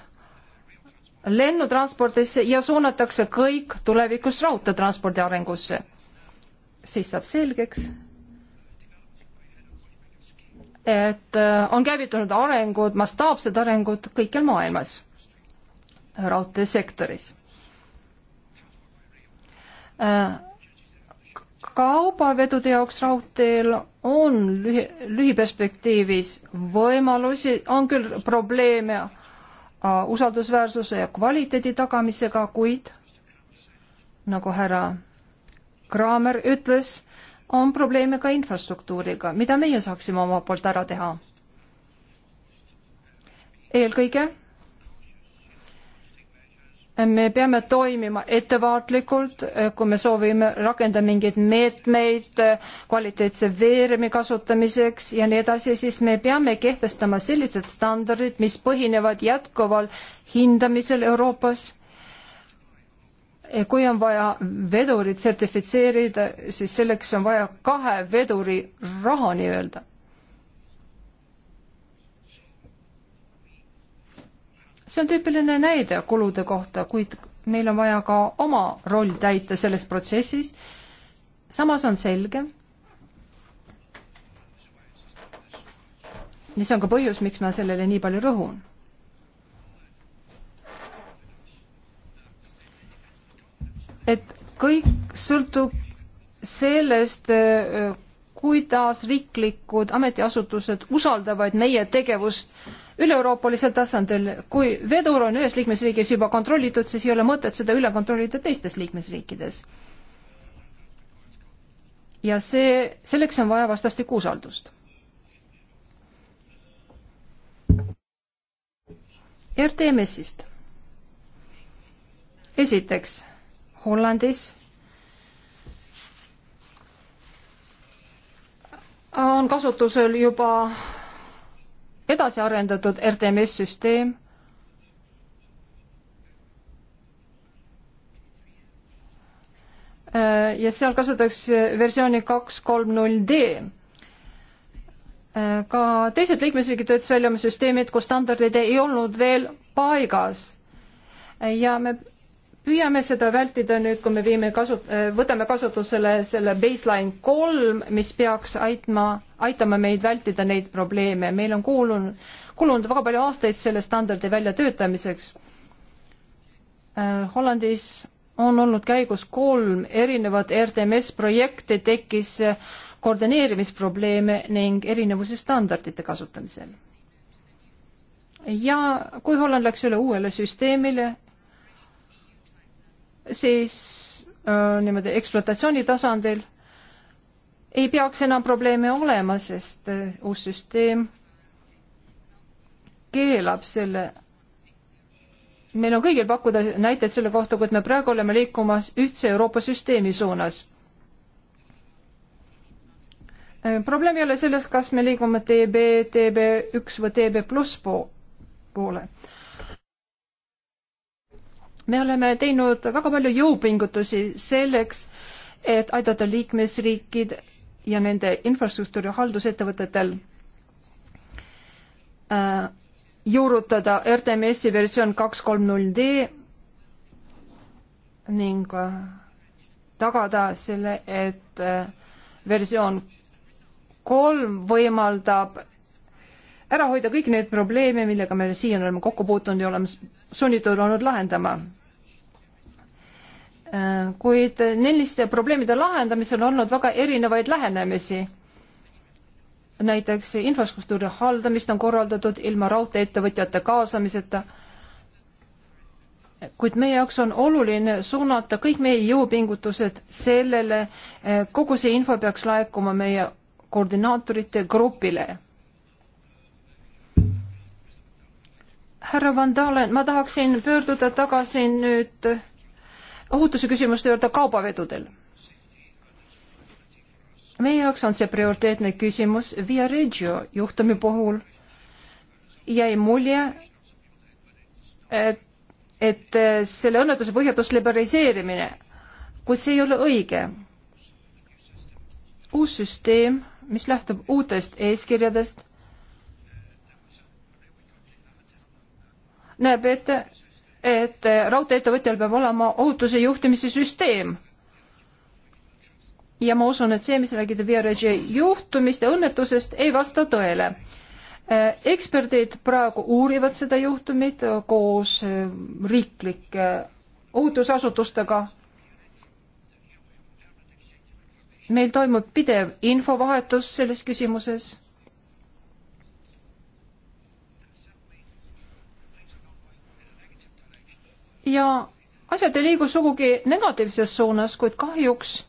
lennutranspordisse ja suunatakse kõik tulevikus raudteetranspordi arengusse. siis saab selgeks, et äh, on käivitunud arengud, mastaapsed arengud kõikjal maailmas raudteesektoris. Äh, kaubavedude jaoks raudteel on lühi, lühiperspektiivis võimalusi, on küll probleeme Äh, usaldusväärsuse ja kvaliteedi tagamisega, kuid nagu härra Kraamer ütles, on probleeme ka infrastruktuuriga, mida meie saaksime oma poolt ära teha. eelkõige me peame toimima ettevaatlikult, kui me soovime rakendada mingeid meetmeid kvaliteetse veeremi kasutamiseks ja nii edasi, siis me peame kehtestama sellised standardid, mis põhinevad jätkuval hindamisel Euroopas. kui on vaja vedurit sertifitseerida, siis selleks on vaja kahe veduri raha nii-öelda see on tüüpiline näide kulude kohta, kuid meil on vaja ka oma roll täita selles protsessis. samas on selge, ja see on ka põhjus, miks ma sellele nii palju rõhun. et kõik sõltub sellest, kuidas riiklikud ametiasutused usaldavad meie tegevust äh, üle-euroopalisel tasandil, kui vedur on ühes liikmesriigis juba kontrollitud, siis ei ole mõtet seda üle kontrollida teistes liikmesriikides. ja see, selleks on vaja vastastikku usaldust. RTMS-ist. esiteks, Hollandis on kasutusel juba edasi arendatud RTMS-süsteem äh, ja seal kasutatakse versiooni kaks kolm null D. Äh, ka teised liikmesriigid töötasid välja oma süsteemid, kus standardid ei olnud veel paigas. Äh, ja me püüame seda vältida nüüd, kui me viime kasu-, võtame kasutusele selle baseline kolm, mis peaks aitma, aitama meid vältida neid probleeme. meil on kuulunud, kulunud väga palju aastaid selle standardi väljatöötamiseks. Äh, Hollandis on olnud käigus kolm erinevat RTMS-projekti, tekkis koordineerimisprobleeme ning erinevusi standardite kasutamisel. ja kui Holland läks üle uuele süsteemile, siis äh, niimoodi ekspluatatsiooni tasandil ei peaks enam probleeme olema, sest äh, uus süsteem keelab selle. meil on kõigil pakkuda näiteid selle kohta, kuid me praegu oleme liikumas ühtse Euroopa süsteemi suunas äh,. probleem ei ole selles, kas me liigume TB, TB üks või TB pluss poole me oleme teinud väga palju jõupingutusi selleks, et aidata liikmesriikid ja nende infrastruktuuri haldusettevõtetel äh, juurutada RTMS-i versioon kaks kolm null D ning äh, tagada selle, et äh, versioon kolm võimaldab ära hoida kõiki neid probleeme, millega me siiani oleme kokku puutunud ja oleme sunnitud olnud lahendama Äh, kuid selliste probleemide lahendamisel on olnud väga erinevaid lähenemisi. näiteks infrastruktuuri haldamist on korraldatud ilma raudtee-ettevõtjate kaasamiseta. kuid meie jaoks on oluline suunata kõik meie jõupingutused sellele, äh, kogu see info peaks laekuma meie koordinaatorite grupile. härra Van Dalen, ma tahaksin pöörduda tagasi nüüd ohutuse küsimuste juurde kaubavedudel. meie jaoks on see prioriteetne küsimus Via Regio juhtumi puhul jäi mulje, et, et selle õnnetuse põhjatus liberaliseerimine, kuid see ei ole õige. uus süsteem, mis lähtub uutest eeskirjadest, näeb ette, et raudtee-ettevõtjal peab olema ohutuse juhtimise süsteem. ja ma usun, et see, mis räägite VRG juhtumist ja õnnetusest, ei vasta tõele. eksperdid praegu uurivad seda juhtumit koos äh, riiklike äh, ohutusasutustega meil toimub pidev infovahetus selles küsimuses ja asjad ei liigu sugugi negatiivses suunas, kuid kahjuks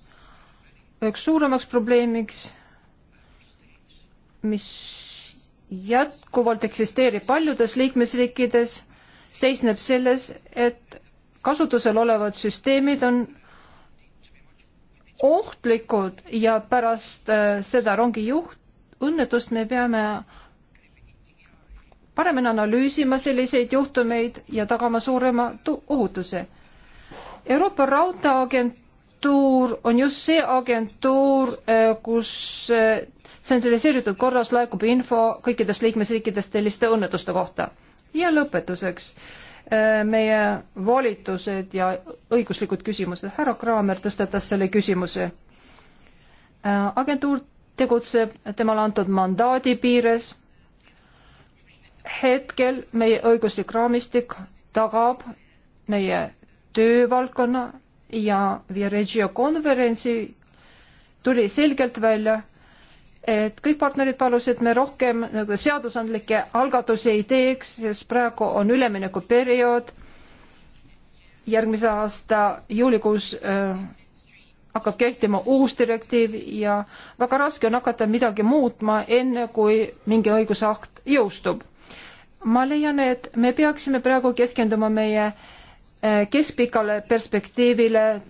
üheks suuremaks probleemiks, mis jätkuvalt eksisteerib paljudes liikmesriikides, seisneb selles, et kasutusel olevad süsteemid on ohtlikud ja pärast äh, seda rongijuht, õnnetust me peame paremini analüüsima selliseid juhtumeid ja tagama suurema ohutuse. Euroopa Raudteeagentuur on just see agentuur, äh, kus äh, tsentraliseeritud korras laekub info kõikidest liikmesriikidest selliste õnnetuste kohta. ja lõpetuseks äh, meie volitused ja õiguslikud küsimused. härra Kraamer tõstatas selle küsimuse. agentuur tegutseb temale antud mandaadi piires hetkel meie õiguslik raamistik tagab meie töövaldkonna ja Viareggio konverentsi tuli selgelt välja, et kõik partnerid palusid, et me rohkem nagu seadusandlikke algatusi ei teeks, sest praegu on üleminekuperiood. järgmise aasta juulikuus äh, hakkab kehtima uus direktiiv ja väga raske on hakata midagi muutma, enne kui mingi õigusakt jõustub ma leian, et me peaksime praegu keskenduma meie eh, keskpikale perspektiivile,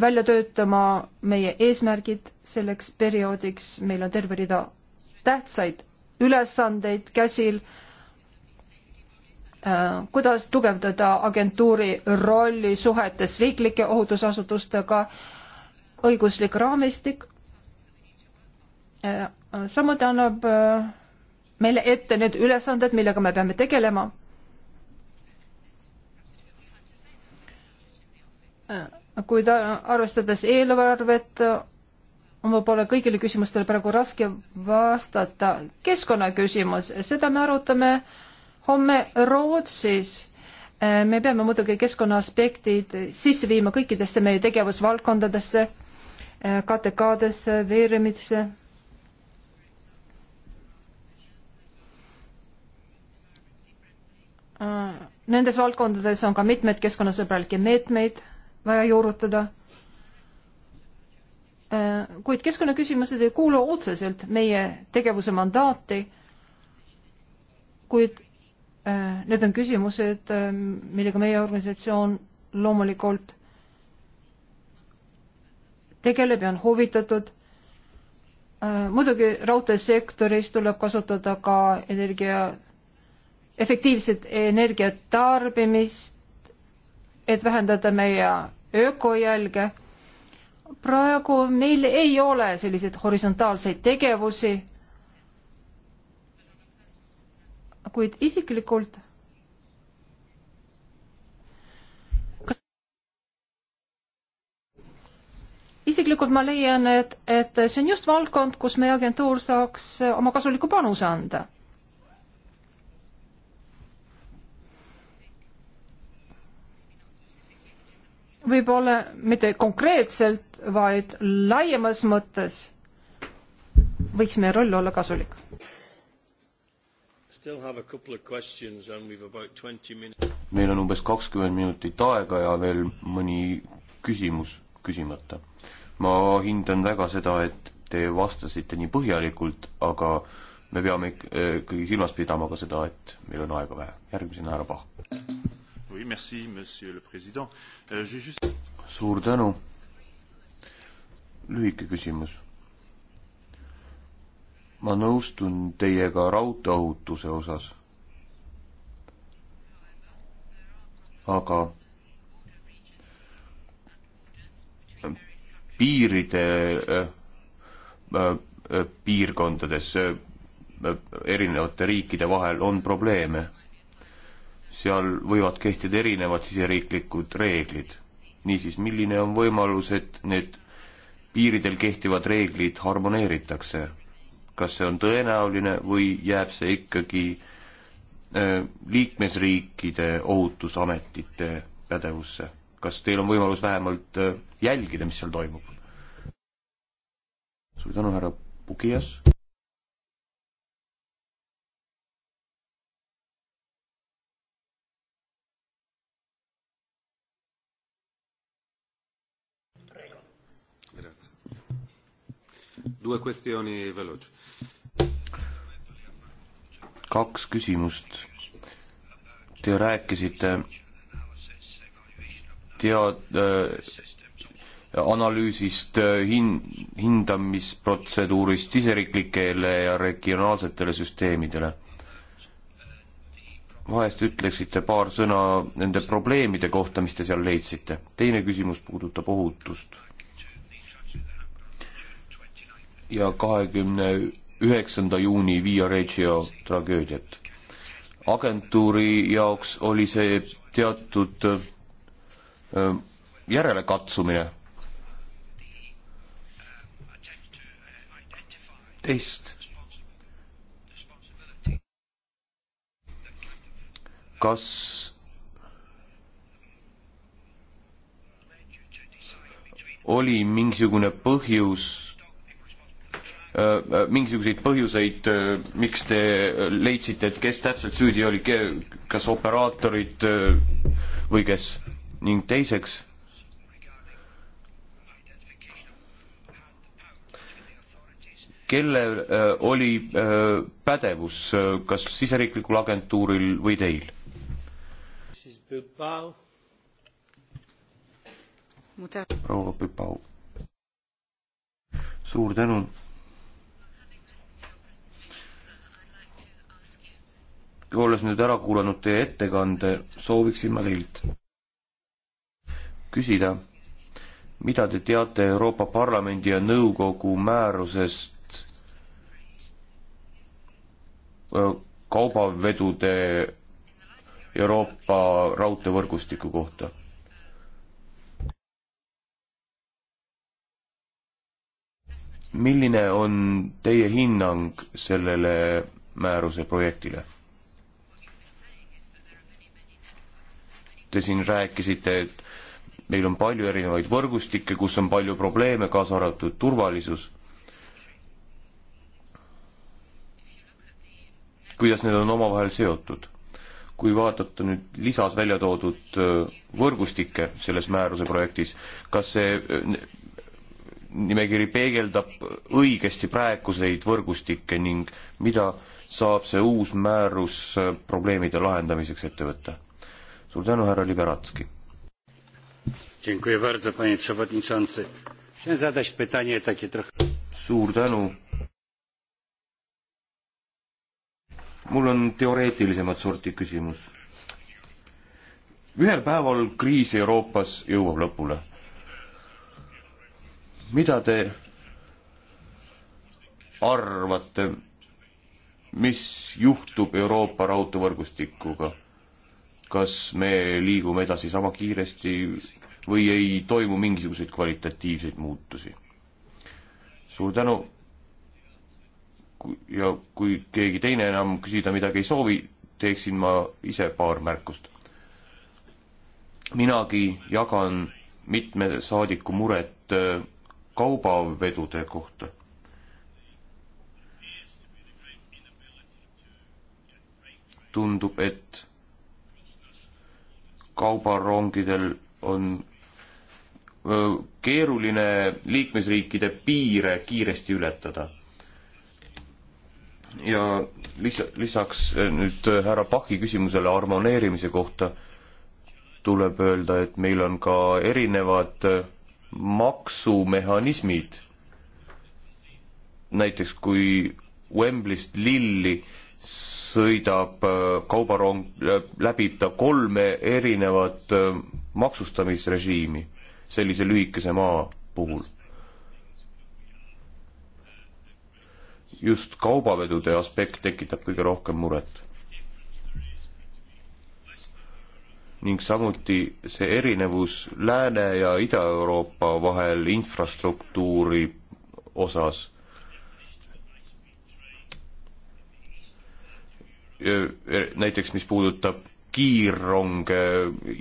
välja töötama meie eesmärgid selleks perioodiks, meil on terve rida tähtsaid ülesandeid käsil, eh, kuidas tugevdada agentuuri rolli suhetes riiklike ohutusasutustega, õiguslik raamistik, eh, samuti annab meile ette need ülesanded, millega me peame tegelema. kuid arvestades eelarvet, mul pole kõigile küsimustele praegu raske vastata. keskkonnaküsimus, seda me arutame homme Rootsis. me peame muidugi keskkonna aspektid sisse viima kõikidesse meie tegevusvaldkondadesse, KTK-desse, veeremisse Äh, nendes valdkondades on ka mitmeid keskkonnasõbralikke meetmeid vaja juurutada. Äh, kuid keskkonnaküsimused ei kuulu otseselt meie tegevuse mandaati, kuid äh, need on küsimused, millega meie organisatsioon loomulikult tegeleb ja on huvitatud. muidugi raudteesektoris tuleb kasutada ka energia efektiivset energiatarbimist, et vähendada meie ökojälge. praegu meil ei ole selliseid horisontaalseid tegevusi. kuid isiklikult isiklikult ma leian, et, et see on just valdkond, kus meie agentuur saaks oma kasuliku panuse anda võib-olla mitte konkreetselt, vaid laiemas mõttes võiks meie roll olla kasulik. meil on umbes kakskümmend minutit aega ja veel mõni küsimus küsimata. ma hindan väga seda, et te vastasite nii põhjalikult, aga me peame eh, ikkagi silmas pidama ka seda, et meil on aega vähe. järgmisena härra Pahv. Oui, merci, monsieur le president uh,. Just... suur tänu. lühike küsimus. ma nõustun teiega raudteeohutuse osas. aga piiride äh, äh, piirkondades äh, äh erinevate riikide vahel on probleeme seal võivad kehtida erinevad siseriiklikud reeglid. niisiis, milline on võimalus, et need piiridel kehtivad reeglid harmoneeritakse? kas see on tõenäoline või jääb see ikkagi äh, liikmesriikide ohutusametite pädevusse? kas teil on võimalus vähemalt äh, jälgida, mis seal toimub? suur tänu, härra Pugias! Due questioni veloci. kaks küsimust. Te rääkisite tead- äh,, analüüsist äh,, hin-, hindamisprotseduurist siseriiklikele ja regionaalsetele süsteemidele vahest ütleksite paar sõna nende probleemide kohta, mis te seal leidsite? teine küsimus puudutab ohutust ja kahekümne üheksanda juuni Via Reggio tragöödiat. agentuuri jaoks oli see teatud äh, järelekatsumine. test. kas oli mingisugune põhjus Äh, äh, mingisuguseid põhjuseid, äh, miks te leidsite, et kes täpselt süüdi oli, kas operaatorid või kes? ning teiseks, kellel oli pädevus, kas siseriiklikul agentuuril või teil? proua Püpau. suur tänu olles nüüd ära kuulanud teie ettekande, sooviksin ma teilt küsida, mida te teate Euroopa Parlamendi ja Nõukogu määrusest kaubavedude Euroopa raudteevõrgustiku kohta? milline on teie hinnang sellele määruse projektile? te siin rääkisite, et meil on palju erinevaid võrgustikke, kus on palju probleeme, kaasa arvatud turvalisus. kuidas need on omavahel seotud? kui vaadata nüüd lisas välja toodud võrgustikke selles määruse projektis, kas see nimekiri peegeldab õigesti praeguseid võrgustikke ning mida saab see uus määrus probleemide lahendamiseks ette võtta? suur tänu, härra Liberatski. suur tänu. mul on teoreetilisemat sorti küsimus. ühel päeval kriis Euroopas jõuab lõpule. mida te arvate, mis juhtub Euroopa raudteevõrgustikuga? kas me liigume edasi sama kiiresti või ei toimu mingisuguseid kvalitatiivseid muutusi. suur tänu. ja kui keegi teine enam küsida midagi ei soovi, teeksin ma ise paar märkust. minagi jagan mitme saadiku muret äh, kaubavedude kohta tundub, et kaubarongidel on keeruline liikmesriikide piire kiiresti ületada. ja lisa, lisaks nüüd härra Pachi küsimusele harmoneerimise kohta tuleb öelda, et meil on ka erinevad maksumehhanismid. näiteks kui Wembley'st Lilli sõidab äh, kaubarong, äh, läbib ta kolme erinevat äh, maksustamisrežiimi sellise lühikese maa puhul. just kaubavedude aspekt tekitab kõige rohkem muret. ning samuti see erinevus Lääne- ja Ida-Euroopa vahel infrastruktuuri osas näiteks mis puudutab kiirrong,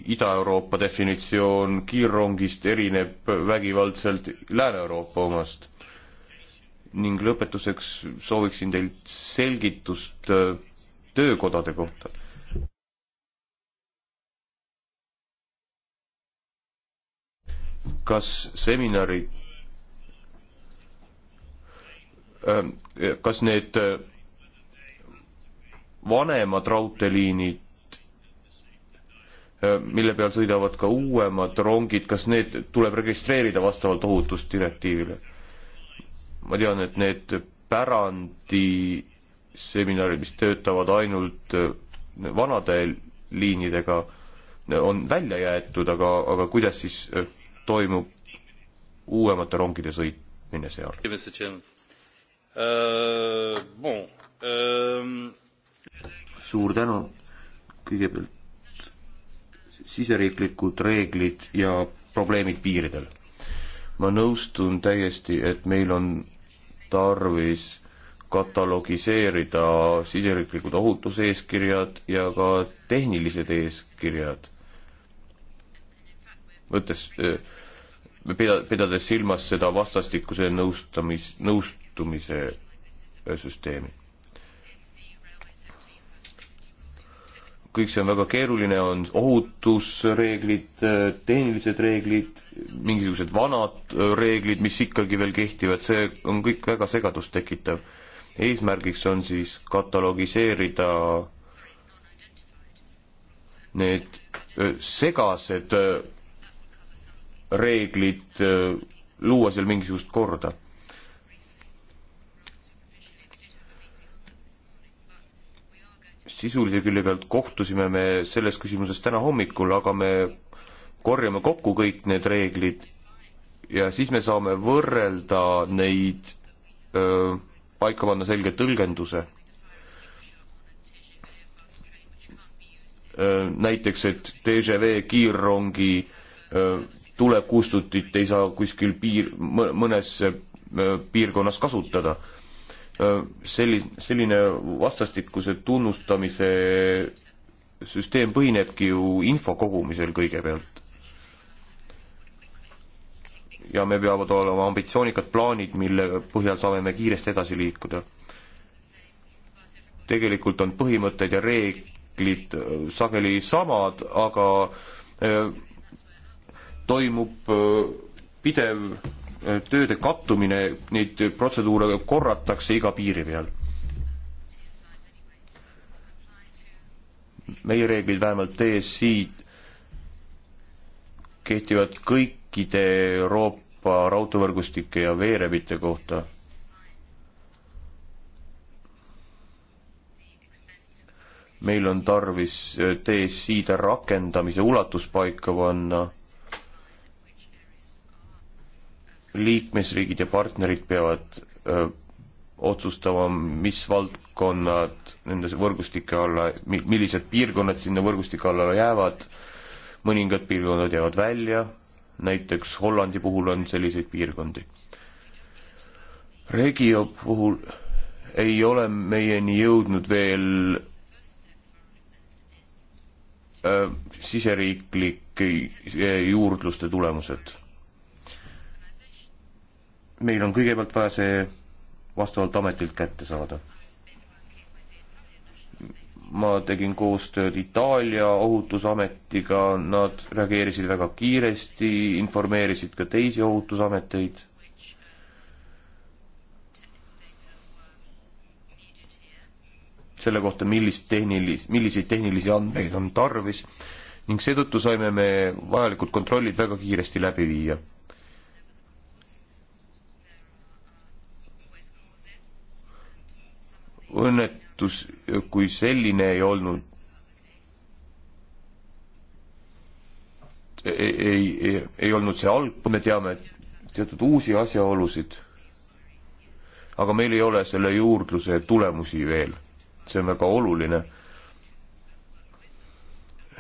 Ida-Euroopa definitsioon kiirrongist erineb vägivaldselt Lääne-Euroopa omast. ning lõpetuseks sooviksin teilt selgitust töökodade kohta. kas seminarid, kas need vanemad raudteeliinid, äh, mille peal sõidavad ka uuemad rongid, kas need tuleb registreerida vastavalt ohutusdirektiivile? ma tean, et need pärandiseminarid, mis töötavad ainult äh, vanade liinidega, on välja jäetud, aga, aga kuidas siis äh, toimub uuemate rongide sõitmine seal? Uh, bon, uh, suur tänu, kõigepealt siseriiklikud reeglid ja probleemid piiridel. ma nõustun täiesti, et meil on tarvis katalogiseerida siseriiklikud ohutuseeskirjad ja ka tehnilised eeskirjad. võttes, eh, pida-, pidades silmas seda vastastikuse nõustamis, nõustumise eh, süsteemi. kõik see on väga keeruline, on ohutusreeglid, äh, tehnilised reeglid, mingisugused vanad äh, reeglid, mis ikkagi veel kehtivad, see on kõik väga segadust tekitav. eesmärgiks on siis katalogiseerida need äh, segased reeglid, luua seal mingisugust korda sisulise külje pealt kohtusime me selles küsimuses täna hommikul, aga me korjame kokku kõik need reeglid ja siis me saame võrrelda neid, paika panna selge tõlgenduse. näiteks, et DŽV kiirrongi tulekustutit ei saa kuskil piir, mõnes piirkonnas kasutada selli-, selline vastastikuse tunnustamise süsteem põhinebki ju info kogumisel kõigepealt. ja me peavad olema ambitsioonikad plaanid, mille põhjal saame me kiiresti edasi liikuda. tegelikult on põhimõtted ja reeglid sageli samad, aga toimub pidev tööde kattumine, neid protseduure korratakse iga piiri peal. meie reeglid vähemalt DSI-d kehtivad kõikide Euroopa raudteevõrgustike ja veerevite kohta meil on tarvis DSI-de rakendamise ulatus paika panna liikmesriigid ja partnerid peavad öö, otsustama, mis valdkonnad nende võrgustike alla, millised piirkonnad sinna võrgustike alla jäävad, mõningad piirkonnad jäävad välja, näiteks Hollandi puhul on selliseid piirkondi. Regio puhul ei ole meieni jõudnud veel äh, siseriiklike e, juurdluste tulemused meil on kõigepealt vaja see vastavalt ametilt kätte saada. ma tegin koostööd Itaalia ohutusametiga, nad reageerisid väga kiiresti, informeerisid ka teisi ohutusameteid. selle kohta, millist tehnilis-, milliseid tehnilisi andmeid on tarvis ning seetõttu saime me vajalikud kontrollid väga kiiresti läbi viia õnnetus kui selline ei olnud ei, ei, ei, ei olnud see alg, me teame teatud uusi asjaolusid, aga meil ei ole selle juurdluse tulemusi veel. see on väga oluline.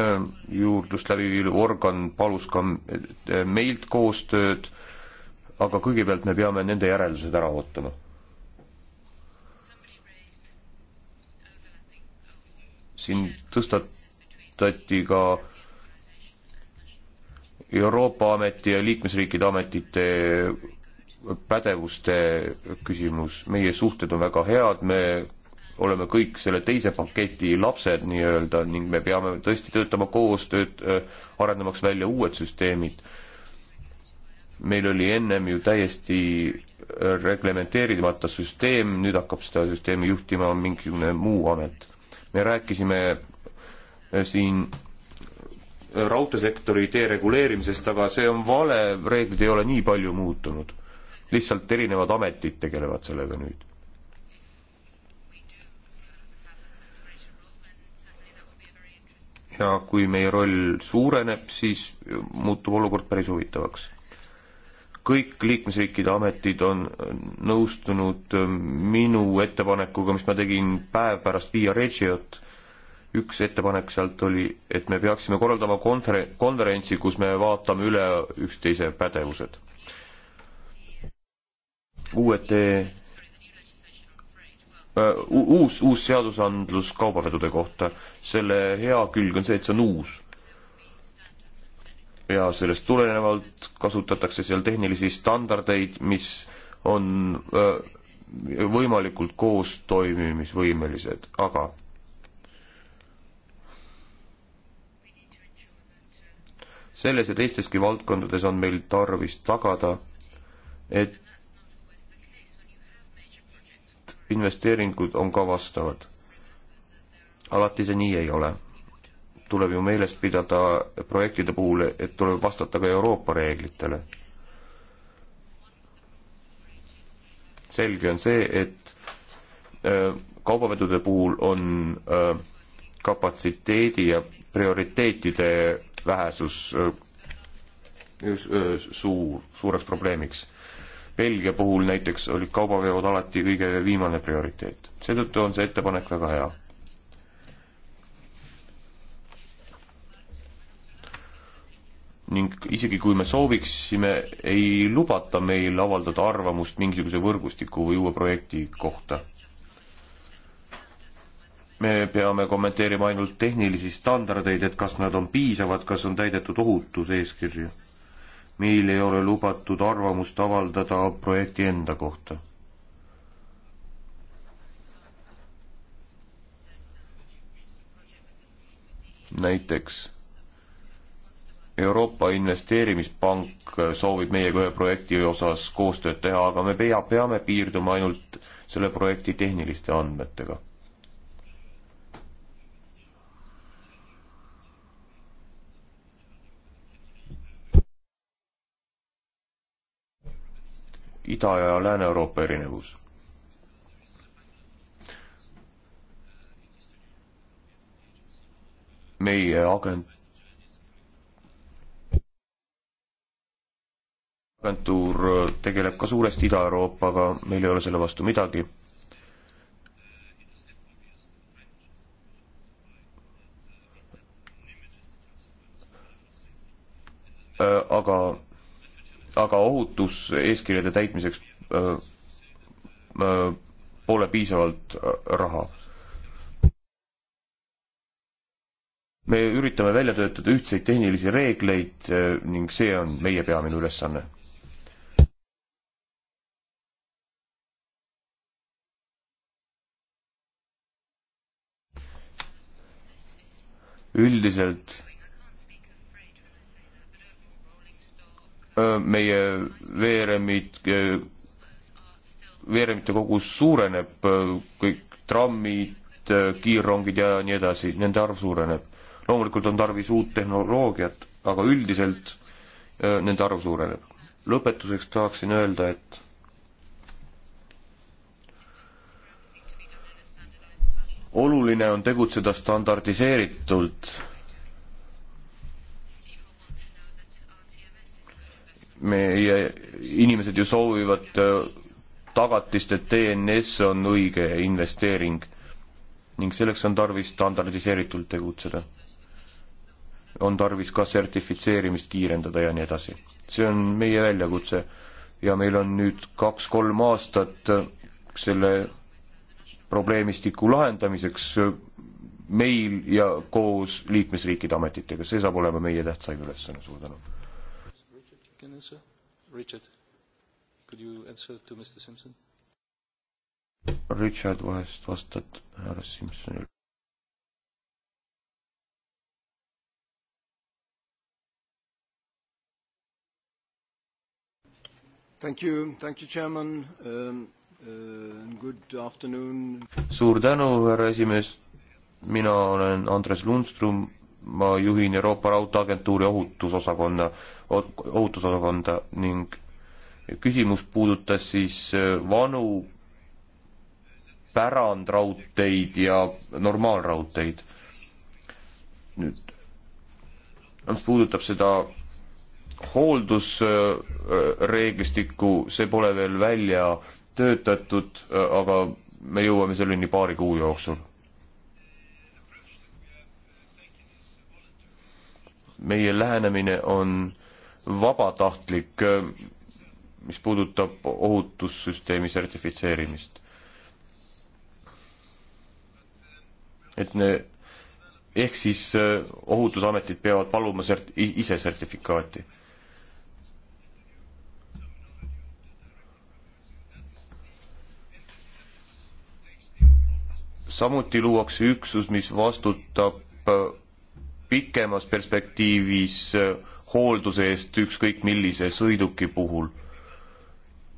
Ähm, juurdlust läbi viiv organ palus ka äh, meilt koostööd, aga kõigepealt me peame nende järeldused ära ootama siin tõstatati ka Euroopa Ameti ja liikmesriikide ametite pädevuste küsimus, meie suhted on väga head, me oleme kõik selle teise paketi lapsed nii-öelda ning me peame tõesti töötama koostööd, äh, arendamaks välja uued süsteemid. meil oli ennem ju täiesti äh, reglementeerimata süsteem, nüüd hakkab seda süsteemi juhtima mingisugune muu amet me rääkisime eh, siin raudteesektori dereguleerimisest, aga see on vale, reeglid ei ole nii palju muutunud. lihtsalt erinevad ametid tegelevad sellega nüüd. ja kui meie roll suureneb, siis muutub olukord päris huvitavaks kõik liikmesriikide ametid on nõustunud äh, minu ettepanekuga, mis ma tegin päev pärast Via Regiot. üks ettepanek sealt oli, et me peaksime korraldama konver-, konverentsi, kus me vaatame üle üksteise pädevused. uued äh, uus, uus seadusandlus kaubavedude kohta, selle hea külg on see, et see on uus ja sellest tulenevalt kasutatakse seal tehnilisi standardeid, mis on võimalikult koostoimimisvõimelised, aga selles ja teisteski valdkondades on meil tarvis tagada, et investeeringud on ka vastavad. alati see nii ei ole tuleb ju meeles pidada projektide puhul, et tuleb vastata ka Euroopa reeglitele. selge on see, et äh, kaubavedude puhul on äh, kapatsiteedi ja prioriteetide vähesus äh, suur, suureks probleemiks. Belgia puhul näiteks olid kaubaveod alati kõige viimane prioriteet, seetõttu on see ettepanek väga hea ning isegi kui me sooviksime, ei lubata meil avaldada arvamust mingisuguse võrgustiku või uue projekti kohta. me peame kommenteerima ainult tehnilisi standardeid, et kas nad on piisavad, kas on täidetud ohutuseeskirju. meil ei ole lubatud arvamust avaldada projekti enda kohta. näiteks Euroopa Investeerimispank soovib meiega ühe projekti osas koostööd teha, aga me pea, peame piirduma ainult selle projekti tehniliste andmetega. Ida- ja Lääne-Euroopa erinevus. meie agent agentuur äh, tegeleb ka suuresti Ida-Euroopaga, meil ei ole selle vastu midagi. Äh, aga, aga ohutuseeskirjade täitmiseks äh, pole piisavalt raha me üritame välja töötada ühtseid tehnilisi reegleid ning see on meie peamine ülesanne. üldiselt meie veeremid, veeremite kogus suureneb, kõik trammid, kiirrongid ja nii edasi, nende arv suureneb. loomulikult on tarvis uut tehnoloogiat, aga üldiselt nende arv suureneb. lõpetuseks tahaksin öelda, et oluline on tegutseda standardiseeritult. meie inimesed ju soovivad äh, tagatist, et DNS on õige investeering ning selleks on tarvis standardiseeritult tegutseda. on tarvis ka sertifitseerimist kiirendada ja nii edasi. see on meie väljakutse ja meil on nüüd kaks-kolm aastat äh, selle probleemistiku lahendamiseks meil ja koos liikmesriikide ametitega, see saab olema meie tähtsaim ülesanne, suur tänu. Richard, vahest vastad härra Simsonile. Thank you, thank you, chairman um, suur tänu, härra esimees. mina olen Andres Lundström, ma juhin Euroopa Raudteeagentuuri ohutusosakonna, ohutusosakonda ning küsimus puudutas siis äh, vanu pärandraudteid ja normaalraudteid. nüüd, mis puudutab seda hooldusreeglistikku, see pole veel välja töötatud, aga me jõuame selleni paari kuu jooksul. meie lähenemine on vabatahtlik, mis puudutab ohutussüsteemi sertifitseerimist. et ne, ehk siis eh, ohutusametid peavad paluma sert-, ise sertifikaati samuti luuakse üksus, mis vastutab äh, pikemas perspektiivis äh, hoolduse eest ükskõik millise sõiduki puhul.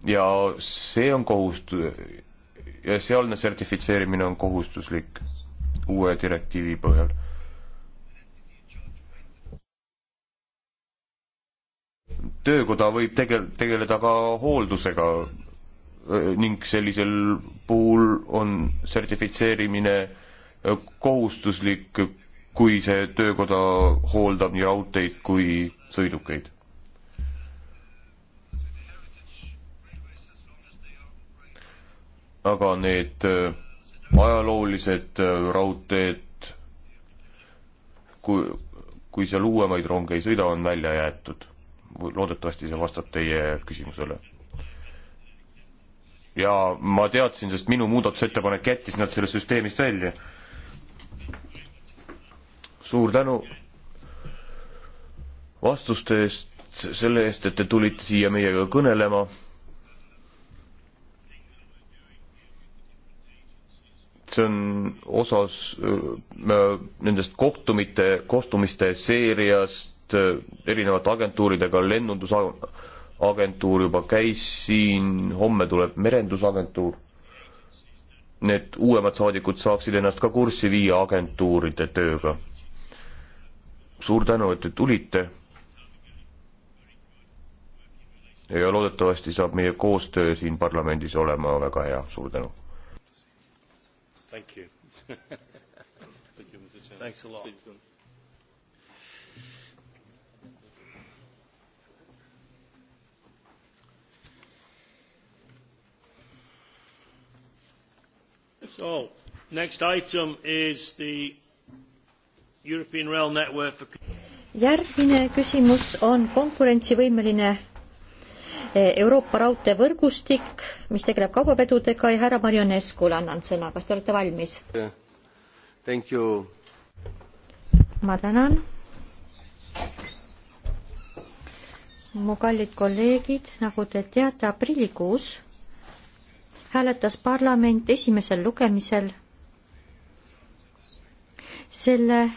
ja see on kohust- ja sealne sertifitseerimine on kohustuslik uue direktiivi põhjal. töökoda võib tegel-, tegeleda ka hooldusega ning sellisel puhul on sertifitseerimine kohustuslik, kui see töökoda hooldab nii raudteid kui sõidukeid. aga need ajaloolised raudteed, kui, kui seal uuemaid ronge ei sõida, on välja jäetud. loodetavasti see vastab teie küsimusele ja ma teadsin, sest minu muudatusettepanek jättis nad sellest süsteemist välja. suur tänu vastuste eest, selle eest, et te tulite siia meiega kõnelema. see on osas äh, nendest kohtumite, kohtumiste seeriast äh, erinevate agentuuridega lennundus agentuur juba käis siin, homme tuleb merendusagentuur. Need uuemad saadikud saaksid ennast ka kurssi viia agentuuride tööga. suur tänu, et te tulite. ja loodetavasti saab meie koostöö siin parlamendis olema väga hea, suur tänu. Thank you (laughs) Thank you, Mr Chair. Thanks a lot. So, next item is the European Rail Network for järgmine küsimus on konkurentsivõimeline eh, Euroopa raudteevõrgustik, mis tegeleb kaubavedudega ja härra Marioneskule annan sõna, kas te olete valmis? ma tänan. mu kallid kolleegid, nagu te teate, aprillikuus hääletas parlament esimesel lugemisel selle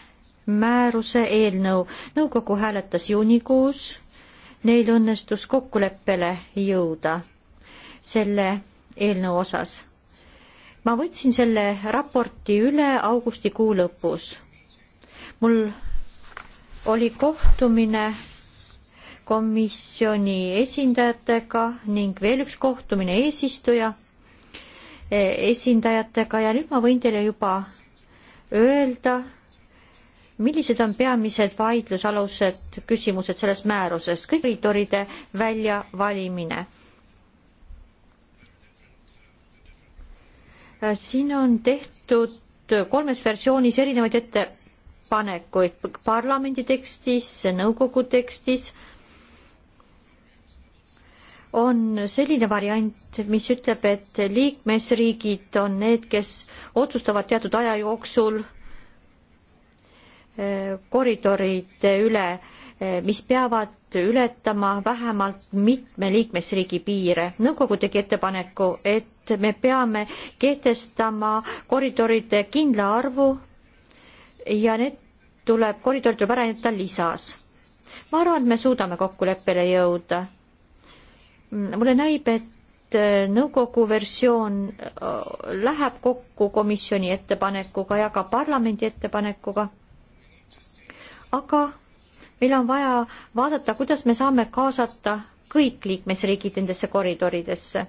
määruse eelnõu. nõukogu hääletas juunikuus, neil õnnestus kokkuleppele jõuda selle eelnõu osas. ma võtsin selle raporti üle augustikuu lõpus. mul oli kohtumine komisjoni esindajatega ning veel üks kohtumine eesistuja E, esindajatega ja nüüd ma võin teile juba öelda, millised on peamised vaidlusalused küsimused selles määruses, kõik koridoride väljavalimine. Äh, siin on tehtud kolmes versioonis erinevaid ettepanekuid parlamendi tekstis, nõukogu tekstis on selline variant, mis ütleb, et liikmesriigid on need, kes otsustavad teatud aja jooksul eh, koridoride üle, eh, mis peavad ületama vähemalt mitme liikmesriigi piire. nõukogu tegi ettepaneku, et me peame kehtestama koridoride kindla arvu ja need tuleb, koridor tuleb ära jätta lisas. ma arvan, et me suudame kokkuleppele jõuda mulle näib, et äh, nõukogu versioon äh, läheb kokku komisjoni ettepanekuga ja ka parlamendi ettepanekuga. aga meil on vaja vaadata, kuidas me saame kaasata kõik liikmesriigid nendesse koridoridesse.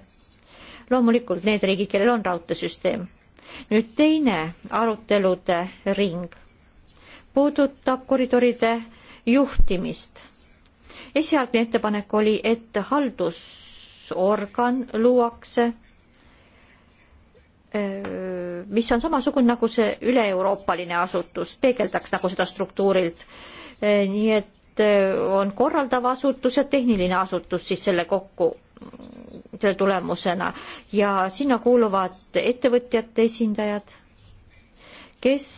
loomulikult need riigid, kellel on raudteesüsteem. nüüd teine arutelude ring puudutab koridoride juhtimist esialgne ettepanek oli, et haldusorgan luuakse, mis on samasugune nagu see üle-euroopaline asutus, peegeldaks nagu seda struktuurilt. nii et on korraldav asutus ja tehniline asutus siis selle kokku, selle tulemusena ja sinna kuuluvad ettevõtjate esindajad, kes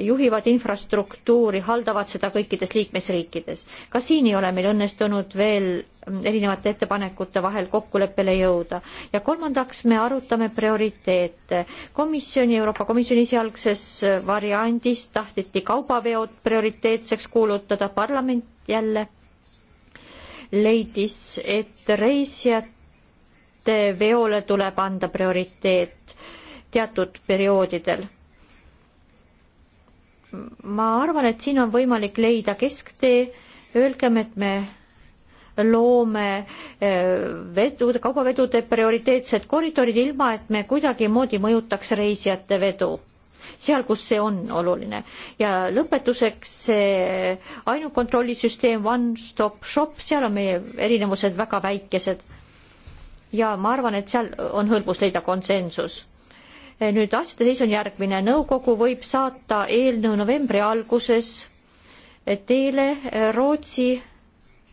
juhivad infrastruktuuri, haldavad seda kõikides liikmesriikides. ka siin ei ole meil õnnestunud veel erinevate ettepanekute vahel kokkuleppele jõuda. ja kolmandaks me arutame prioriteete. komisjoni, Euroopa Komisjoni esialgses variandis tahtiti kaubaveod prioriteetseks kuulutada, parlament jälle leidis, et reisijate veole tuleb anda prioriteet teatud perioodidel ma arvan, et siin on võimalik leida kesktee, öelgem, et me loome eh, vedude, kaubavedude prioriteetsed koridorid, ilma et me kuidagimoodi mõjutaks reisijate vedu seal, kus see on oluline. ja lõpetuseks see ainukontrollisüsteem One Stop Shop, seal on meie erinevused väga väikesed. ja ma arvan, et seal on hõlbus leida konsensus Eh, nüüd asjade seis on järgmine, nõukogu võib saata eelnõu novembri alguses eh, teile, eh, Rootsi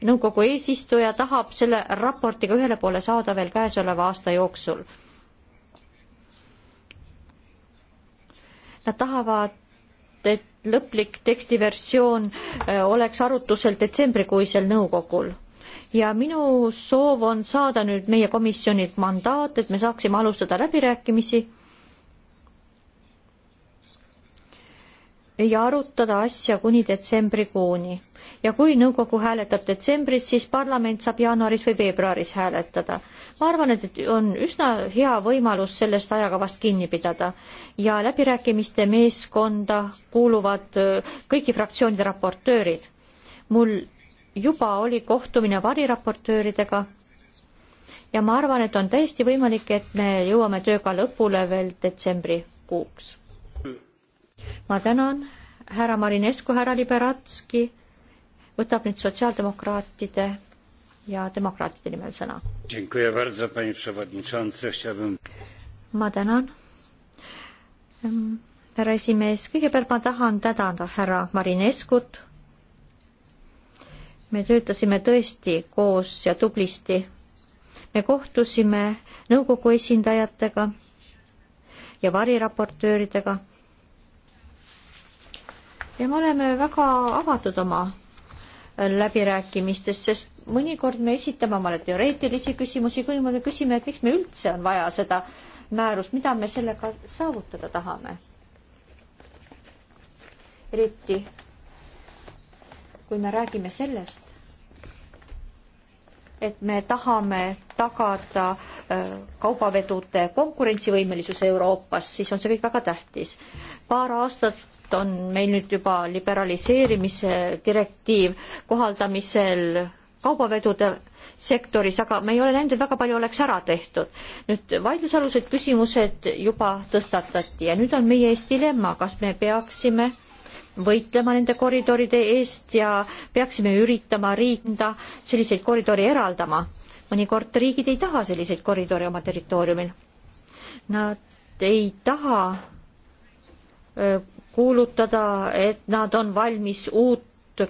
nõukogu eesistuja tahab selle raportiga ühele poole saada veel käesoleva aasta jooksul. Nad tahavad, et lõplik tekstiversioon oleks arutusel detsembrikuisel nõukogul ja minu soov on saada nüüd meie komisjonilt mandaat, et me saaksime alustada läbirääkimisi ja arutada asja kuni detsembrikuuni. ja kui nõukogu hääletab detsembris, siis parlament saab jaanuaris või veebruaris hääletada. ma arvan, et on üsna hea võimalus sellest ajakavast kinni pidada ja läbirääkimiste meeskonda kuuluvad kõigi fraktsioonide raportöörid. mul juba oli kohtumine variraportööridega ja ma arvan, et on täiesti võimalik, et me jõuame tööga lõpule veel detsembrikuuks ma tänan, härra Marinescu, härra Liberatski võtab nüüd sotsiaaldemokraatide ja demokraatide nimel sõna. ma tänan, härra esimees, kõigepealt ma tahan tänada härra Marineskut. me töötasime tõesti koos ja tublisti. me kohtusime nõukogu esindajatega ja variraportööridega ja me oleme väga avatud oma läbirääkimistes, sest mõnikord me esitame omale teoreetilisi küsimusi, kui me küsime, et miks me üldse on vaja seda määrust, mida me sellega saavutada tahame. eriti kui me räägime sellest, et me tahame tagada äh, kaubavedude konkurentsivõimelisuse Euroopas, siis on see kõik väga tähtis paar aastat on meil nüüd juba liberaliseerimise direktiiv kohaldamisel kaubavedude sektoris, aga me ei ole näinud, et väga palju oleks ära tehtud. nüüd vaidlusalused küsimused juba tõstatati ja nüüd on meie ees dilemma, kas me peaksime võitlema nende koridoride eest ja peaksime üritama riinda selliseid koridore eraldama. mõnikord riigid ei taha selliseid koridore oma territooriumil. Nad ei taha kuulutada, et nad on valmis uut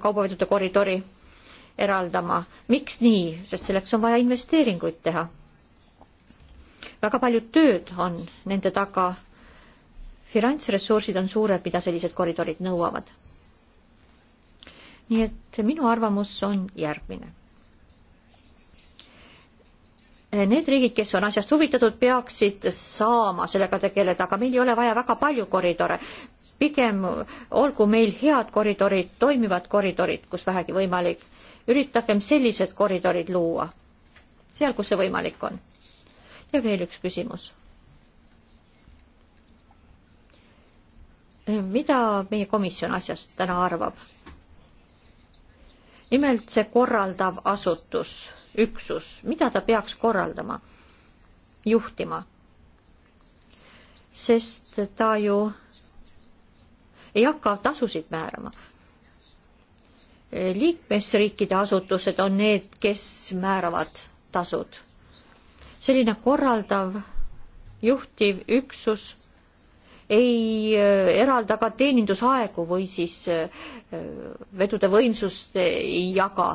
kaubavedude koridori eraldama. miks nii? sest selleks on vaja investeeringuid teha. väga palju tööd on nende taga. finantsressursid on suured, mida sellised koridorid nõuavad. nii et minu arvamus on järgmine need riigid, kes on asjast huvitatud, peaksid saama sellega tegeleda, aga meil ei ole vaja väga palju koridore. pigem olgu meil head koridorid, toimivad koridorid, kus vähegi võimalik. üritagem sellised koridorid luua, seal, kus see võimalik on. ja veel üks küsimus. mida meie komisjon asjast täna arvab? nimelt see korraldav asutus, üksus, mida ta peaks korraldama, juhtima. sest ta ju ei hakka tasusid määrama. liikmesriikide asutused on need, kes määravad tasud. selline korraldav, juhtiv üksus ei äh, eralda ka teenindusaegu või siis äh, vedude võimsust ei jaga.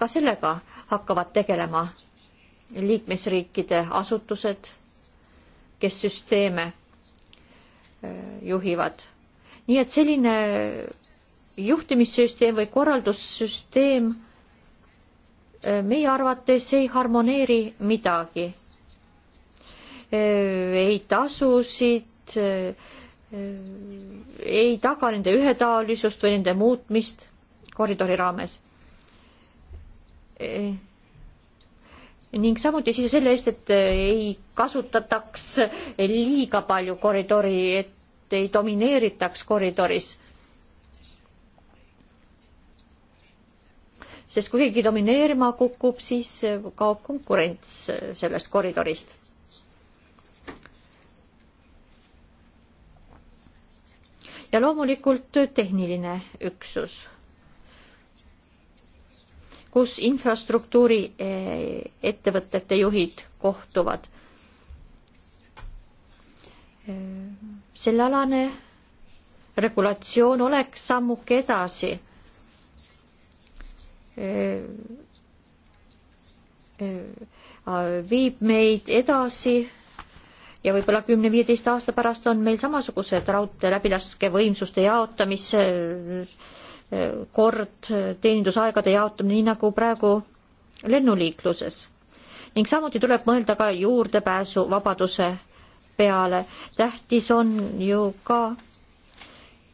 ka sellega hakkavad tegelema liikmesriikide asutused, kes süsteeme äh, juhivad. nii et selline juhtimissüsteem või korraldussüsteem meie arvates ei harmoneeri midagi Äh, ei tasusid, äh, äh, ei taga nende ühetaolisust või nende muutmist koridori raames. ning samuti siis selle eest, et ei kasutataks liiga palju koridori, et ei domineeritaks koridoris sest kui keegi domineerima kukub, siis kaob konkurents sellest koridorist. ja loomulikult tehniline üksus, kus infrastruktuuri eh, ettevõtete juhid kohtuvad. Eh, sellealane regulatsioon oleks sammuke edasi eh, viib meid edasi ja võib-olla kümne-viieteist aasta pärast on meil samasugused raudtee läbilaskevõimsuste jaotamise eh, kord, teenindusaegade jaotamine, nii nagu praegu lennuliikluses. ning samuti tuleb mõelda ka juurdepääsu vabaduse peale. tähtis on ju ka,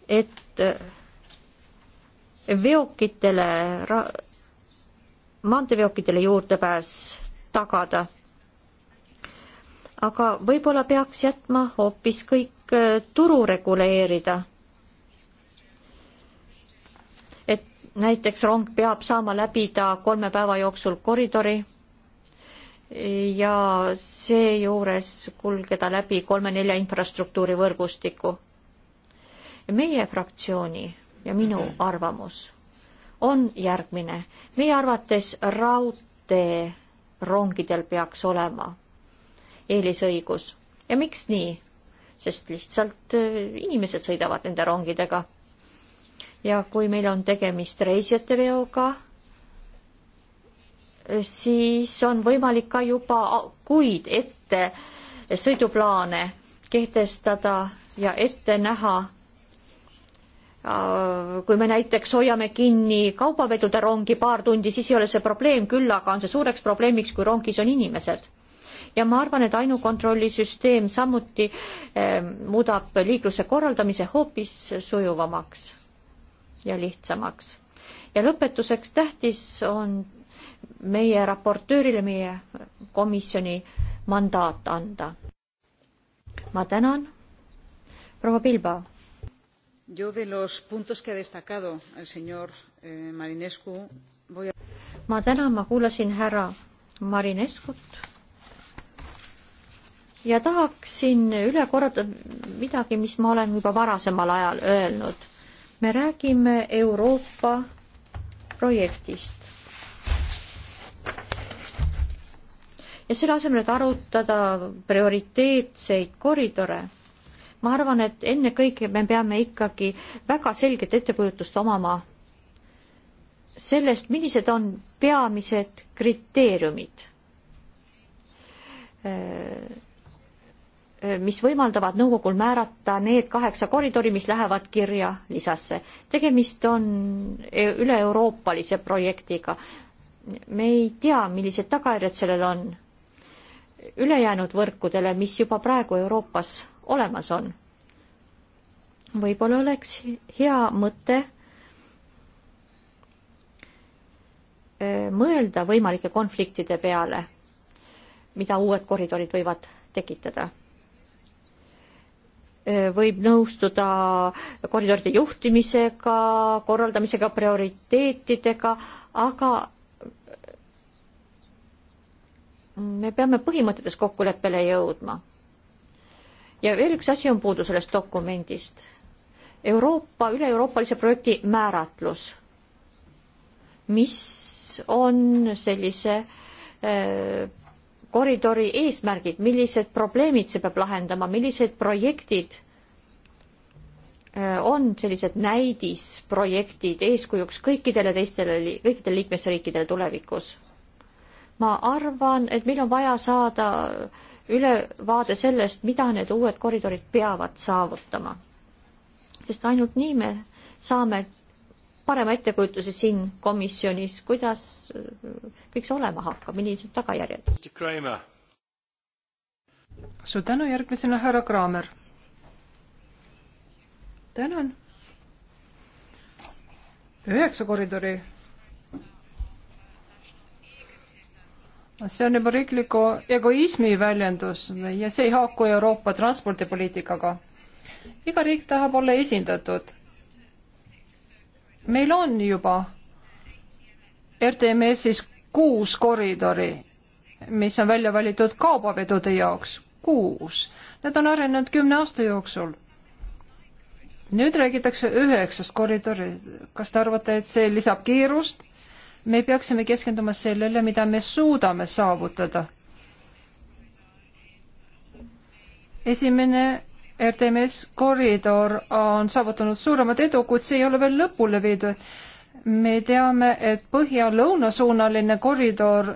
et eh, veokitele, maanteeveokitele juurdepääs tagada aga võib-olla peaks jätma hoopis kõik äh, turu reguleerida. et näiteks rong peab saama läbida kolme päeva jooksul koridori ja seejuures kulgeda läbi kolme-nelja infrastruktuuri võrgustiku. meie fraktsiooni ja minu arvamus on järgmine. meie arvates raudtee rongidel peaks olema eelisõigus. ja miks nii? sest lihtsalt äh, inimesed sõidavad nende rongidega. ja kui meil on tegemist reisijate veoga, äh, siis on võimalik ka juba kuid ette sõiduplaane kehtestada ja ette näha, äh, kui me näiteks hoiame kinni kaubavedude rongi paar tundi, siis ei ole see probleem, küll aga on see suureks probleemiks, kui rongis on inimesed ja ma arvan, et ainukontrollisüsteem samuti eh, muudab liikluse korraldamise hoopis sujuvamaks ja lihtsamaks. ja lõpetuseks tähtis on meie raportöörile, meie komisjoni mandaat anda. ma tänan, proua Pilba. Yo de los puntos que ha destacado el señor eh, Marinescu voy a... ma tänan, ma kuulasin härra Marineskut ja tahaksin üle korrata midagi, mis ma olen juba varasemal ajal öelnud. me räägime Euroopa projektist. ja selle asemel, et arutada prioriteetseid koridore, ma arvan, et ennekõike me peame ikkagi väga selget ettekujutust omama sellest, millised on peamised kriteeriumid äh, mis võimaldavad nõukogul määrata need kaheksa koridori, mis lähevad kirja lisasse. tegemist on e-, üle-euroopalise projektiga. me ei tea, millised tagajärjed sellel on ülejäänud võrkudele, mis juba praegu Euroopas olemas on. võib-olla oleks hea mõte e, mõelda võimalike konfliktide peale, mida uued koridorid võivad tekitada võib nõustuda koridoride juhtimisega, korraldamisega, prioriteetidega, aga me peame põhimõtetes kokkuleppele jõudma. ja veel üks asi on puudu sellest dokumendist. Euroopa, üle-euroopalise projekti määratlus, mis on sellise äh, koridori eesmärgid, millised probleemid see peab lahendama, millised projektid äh, on sellised näidisprojektid eeskujuks kõikidele teistele, kõikidele liikmesriikidele tulevikus? ma arvan, et meil on vaja saada ülevaade sellest, mida need uued koridorid peavad saavutama. sest ainult nii me saame parema ettekujutuse siin komisjonis, kuidas kõik see olema hakkab, millised tagajärjed. suur tänu, järgmisena härra Kraamer. tänan. üheksa koridori. see on juba riikliku egoismi väljendus ja see ei haaku Euroopa transpordipoliitikaga. iga riik tahab olla esindatud meil on juba RTMS-is kuus koridori, mis on välja valitud kaubavedude jaoks, kuus. Need on arenenud kümne aasta jooksul. nüüd räägitakse üheksast koridori. kas te arvate, et see lisab kiirust? me peaksime keskenduma sellele, mida me suudame saavutada. esimene RTMS koridor on saavutanud suuremat edu, kuid see ei ole veel lõpule viidud. me teame, et põhja-lõunasuunaline koridor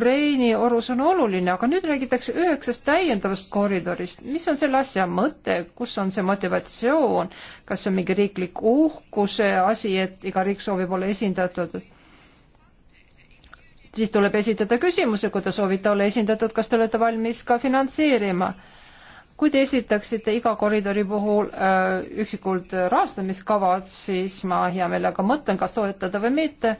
Reini orus on oluline, aga nüüd räägitakse üheksast täiendavast koridorist. mis on selle asja mõte, kus on see motivatsioon, kas see on mingi riiklik uhkuse asi, et iga riik soovib olla esindatud? siis tuleb esitada küsimusi, kui te soovite olla esindatud, kas te olete valmis ka finantseerima äh, kui te esitaksite iga koridori puhul äh, üksikult äh, rahastamiskavad, siis ma hea meelega mõtlen, kas toetada või mitte.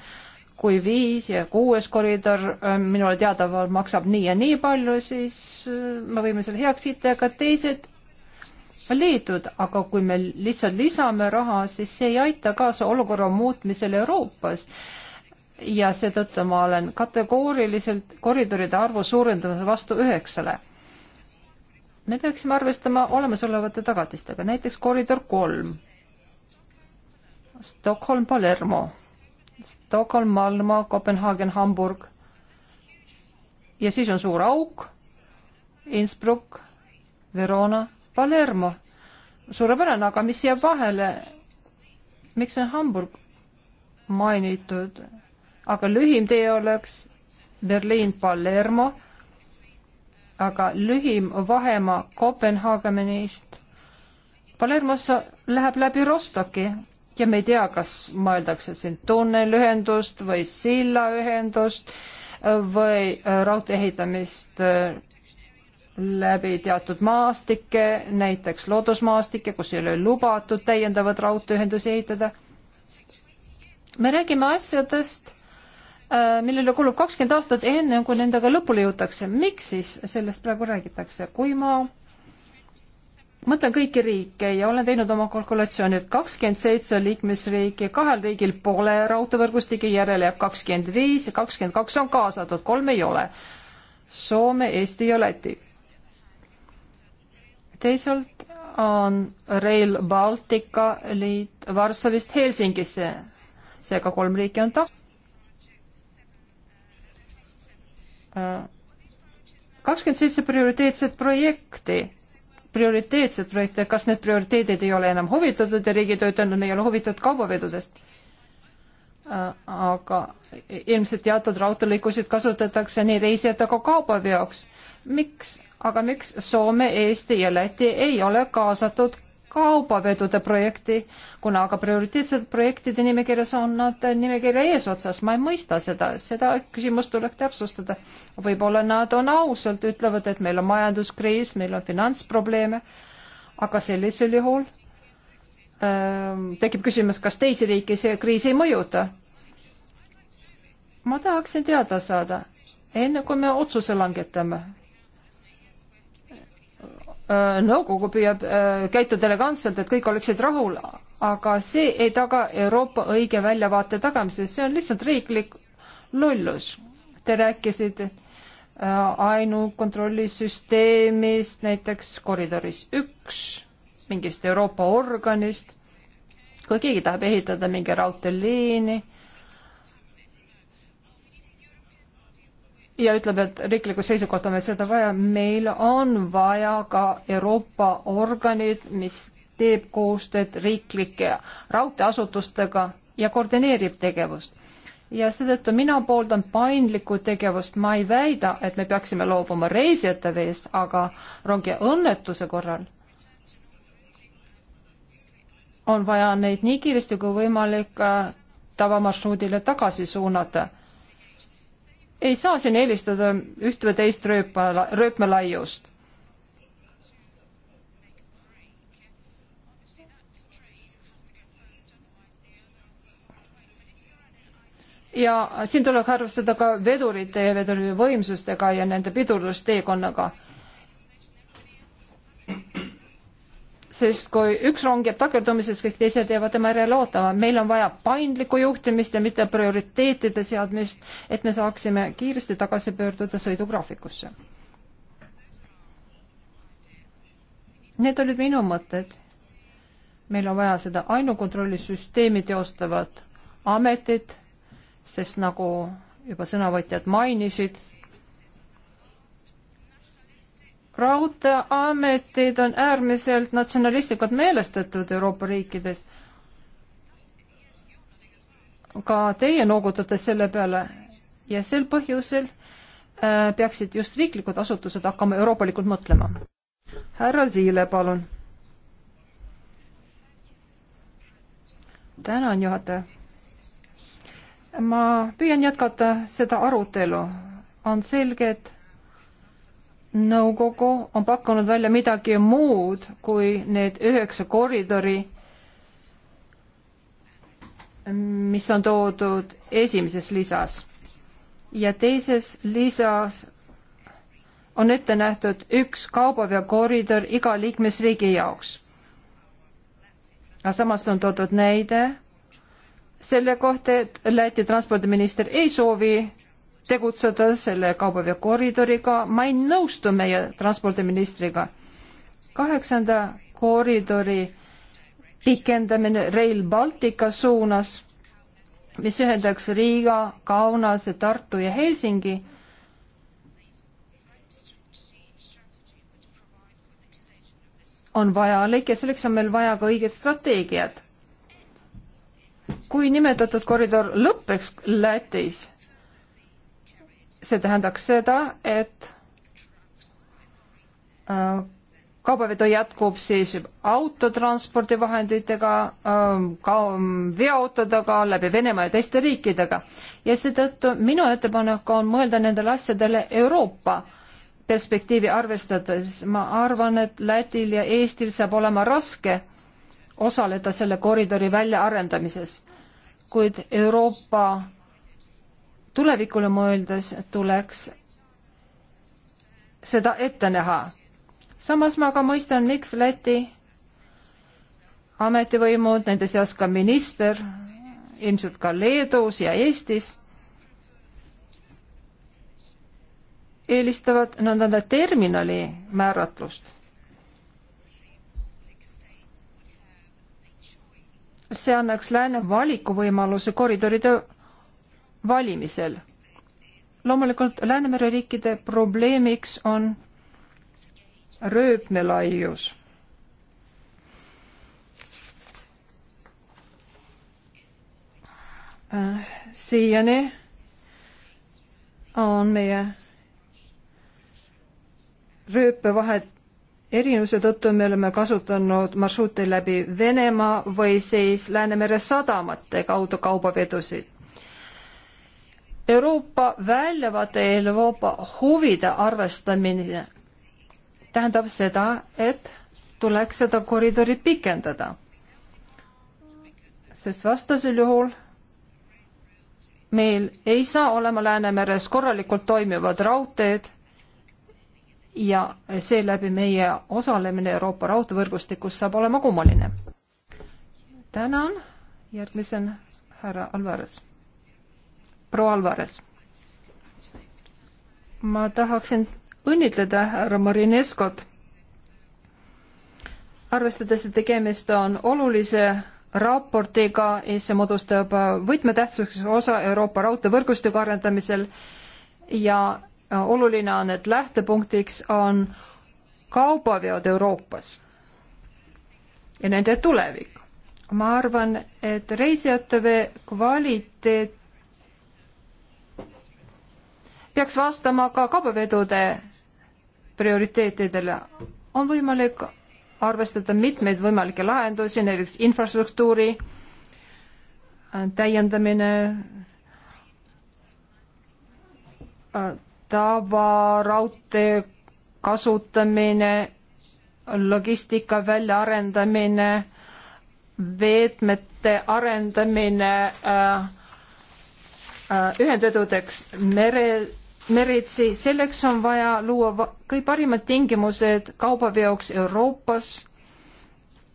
kui viis ja kuues koridor äh, minule teadaval maksab nii ja nii palju, siis äh, me võime selle heaks kiita, aga teised liidud, aga kui me lihtsalt lisame raha, siis see ei aita kaasa olukorra muutmisele Euroopas ja seetõttu ma olen kategooriliselt koridoride arvu suurendamise vastu üheksale me peaksime arvestama olemasolevate tagatistega, näiteks koridor kolm, Stockholm, Palermo, Stockholm, Malmo, Kopenhaagen, Hamburg ja siis on suur auk, Innsbruck, Verona, Palermo. suurepärane, aga mis jääb vahele? miks on Hamburg mainitud, aga lühim tee oleks Berliin, Palermo aga lühim vahemaa Kopenhaagenist Palermosse läheb läbi Rostoki ja me ei tea, kas mõeldakse siin tunnelühendust või sillaühendust või äh, raudtee ehitamist äh, läbi teatud maastike, näiteks loodusmaastike, kus ei ole lubatud täiendavat raudteeühendusi ehitada. me räägime asjadest Äh, millele kulub kakskümmend aastat, enne kui nendega lõpule jõutakse. miks siis sellest praegu räägitakse? kui ma mõtlen kõiki riike ja olen teinud oma kalkulatsioonid, kakskümmend seitse liikmesriiki, kahel riigil pole raudteevõrgustike, järele jääb kakskümmend viis ja kakskümmend kaks on kaasatud, kolm ei ole. Soome, Eesti ja Läti. teisalt on Rail Baltica liit Varssavist Helsingisse, seega kolm riiki on tak-. kakskümmend seitse prioriteetset projekti, prioriteetset projekte, kas need prioriteedid ei ole enam huvitatud ja riigid on ütelnud, me ei ole huvitatud kaubavedudest aga ilmselt teatud raudteelõikusid kasutatakse nii reisijate kui kaubaveoks. miks, aga miks Soome, Eesti ja Läti ei ole kaasatud kaubavedude projekti, kuna aga prioriteetsete projektide nimekirjas on nad nimekirja eesotsas, ma ei mõista seda, seda küsimust tuleks täpsustada. võib-olla nad on ausalt, ütlevad, et meil on majanduskriis, meil on finantsprobleeme, aga sellisel juhul ähm, tekib küsimus, kas teisi riike see kriis ei mõjuta. ma tahaksin teada saada, enne kui me otsuse langetame Äh, nõukogu püüab äh, käituda elegantselt, et kõik oleksid rahul, aga see ei taga Euroopa õige väljavaate tagamisest, see on lihtsalt riiklik lollus. Te rääkisite äh, ainukontrollisüsteemist, näiteks koridoris üks, mingist Euroopa organist, kui keegi tahab ehitada mingi raudteeliini ja ütleb, et riiklikku seisukohta on meil seda vaja, meil on vaja ka Euroopa organid, mis teeb koostööd riiklike raudteeasutustega ja koordineerib tegevust. ja seetõttu mina pooldan paindlikku tegevust, ma ei väida, et me peaksime loobuma reisijate veest, aga rongi õnnetuse korral on vaja neid nii kiiresti kui võimalik äh, tavamarsruudile tagasi suunata ei saa siin eelistada üht või teist rööpa, rööpmelaiust. ja siin tuleb arvestada ka vedurite ja vedurivõimsustega ja nende pidurdusteekonnaga sest kui üks rong jääb takerdumises, kõik teised jäävad tema järele ootama. meil on vaja paindlikku juhtimist ja mitte prioriteetide seadmist, et me saaksime kiiresti tagasi pöörduda sõidugraafikusse. Need olid minu mõtted. meil on vaja seda ainukontrollisüsteemi teostavat ametit, sest nagu juba sõnavõtjad mainisid raudteeametid on äärmiselt natsionalistlikult meelestatud Euroopa riikides. ka teie noogutate selle peale ja sel põhjusel äh, peaksid just riiklikud asutused hakkama euroopalikult mõtlema. härra Ziile, palun. tänan, juhataja. ma püüan jätkata seda arutelu. on selge, et nõukogu on pakkunud välja midagi muud kui need üheksa koridori, mis on toodud esimeses lisas. ja teises lisas on ette nähtud üks kaubaveokoridor iga liikmesriigi jaoks. aga samas on toodud näide selle kohta, et Läti transpordiminister ei soovi tegutseda selle kaubaveokoridoriga. ma ei nõustu meie transpordiministriga. kaheksanda koridori pikendamine Rail Baltica suunas, mis ühendaks Riiga, Kaunase, Tartu ja Helsingi on vajalik ja selleks on meil vaja ka õiget strateegiat. kui nimetatud koridor lõpeks Lätis, see tähendaks seda, et äh, kaubavedu jätkub siis autotranspordivahenditega, äh, ka veoautodega läbi Venemaa ja teiste riikidega. ja seetõttu minu ettepanek on mõelda nendele asjadele Euroopa perspektiivi arvestades. ma arvan, et Lätil ja Eestil saab olema raske osaleda selle koridori väljaarendamises, kuid Euroopa tulevikule mõeldes tuleks seda ette näha. samas ma aga mõistan, miks Läti ametivõimud, nende seas ka minister, ilmselt ka Leedus ja Eestis, eelistavad nõnda terminali määratlust. see annaks lääne valikuvõimaluse koridoride valimisel. loomulikult Läänemere riikide probleemiks on rööpmelaius. siiani on meie rööpevahet erinevuse tõttu me oleme kasutanud marsruute läbi Venemaa või siis Läänemere sadamate kaudu kaubavedusid. Euroopa väljavaate ja Euroopa huvide arvestamine tähendab seda, et tuleks seda koridori pikendada. sest vastasel juhul meil ei saa olema Läänemeres korralikult toimivad raudteed ja seeläbi meie osalemine Euroopa raudteevõrgustikus saab olema kummaline. tänan, järgmisena härra Alvarez proua Alvares. ma tahaksin õnnitleda härra Marineskot, arvestades, et tegemist on olulise raportiga ja see moodustab võtmetähtsuseks osa Euroopa raudteevõrgustiku arendamisel ja oluline on, et lähtepunktiks on kaubaveod Euroopas ja nende tulevik. ma arvan, et reisijatevee kvaliteet peaks vastama ka kaubavedude prioriteetidele. on võimalik arvestada mitmeid võimalikke lahendusi, näiteks infrastruktuuri äh, täiendamine, äh, tavaraudtee kasutamine, logistika väljaarendamine, veetmete arendamine äh, äh, ühendvedudeks mere meritsi, selleks on vaja luua kõige parimad tingimused kaubaveoks Euroopas,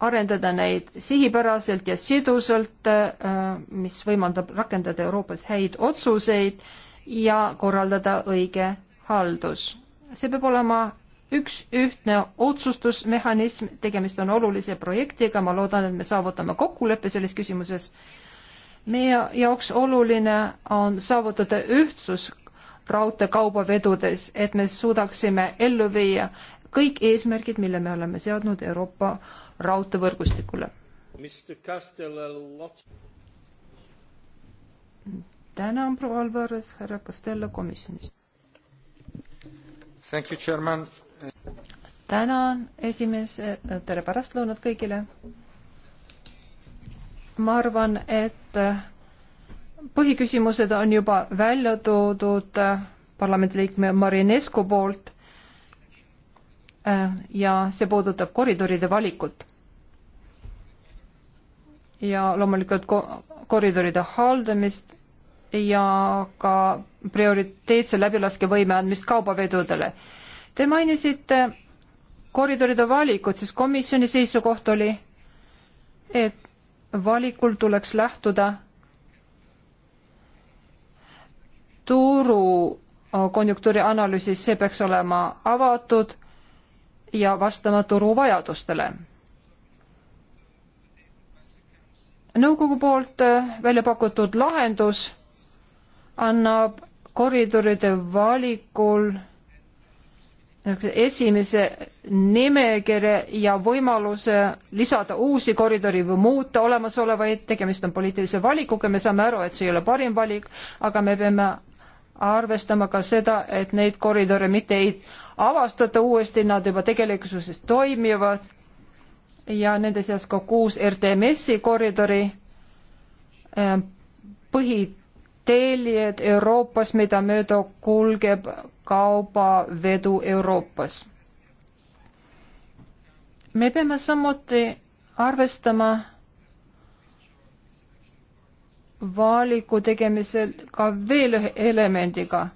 arendada neid sihipäraselt ja sidusalt, äh, mis võimaldab rakendada Euroopas häid otsuseid ja korraldada õige haldus. see peab olema üks ühtne otsustusmehhanism, tegemist on olulise projektiga, ma loodan, et me saavutame kokkuleppe selles küsimuses. meie jaoks oluline on saavutada ühtsus raudteekaubavedudes, et me suudaksime ellu viia kõik eesmärgid, mille me oleme seadnud Euroopa raudteevõrgustikule. tänan, proua Alvarez, härra Castello komisjonist. tänan, esimees, tere pärastlõunat kõigile. ma arvan, et põhiküsimused on juba välja toodud äh, parlamendiliikme Marinescu poolt äh, ja see puudutab koridoride valikut. ja loomulikult koridoride haldamist ja ka prioriteetse läbilaskevõime andmist kaubavedudele. Te mainisite koridoride valikut, siis komisjoni seisukoht oli, et valikul tuleks lähtuda turu äh, konjunktuuri analüüsis, see peaks olema avatud ja vastama turu vajadustele. nõukogu poolt äh, välja pakutud lahendus annab koridoride valikul esimese nimekirja ja võimaluse lisada uusi koridori või muuta olemasolevaid, tegemist on poliitilise valikuga, me saame aru, et see ei ole parim valik, aga me peame arvestama ka seda, et neid koridore mitte ei avastata uuesti, nad juba tegelikkuses toimivad ja nende seas ka kuus RTMS-i koridori ähm, põhiteljed Euroopas, mida mööda kulgeb kaubavedu Euroopas. me peame samuti arvestama valiku tegemisel ka veel ühe elemendiga.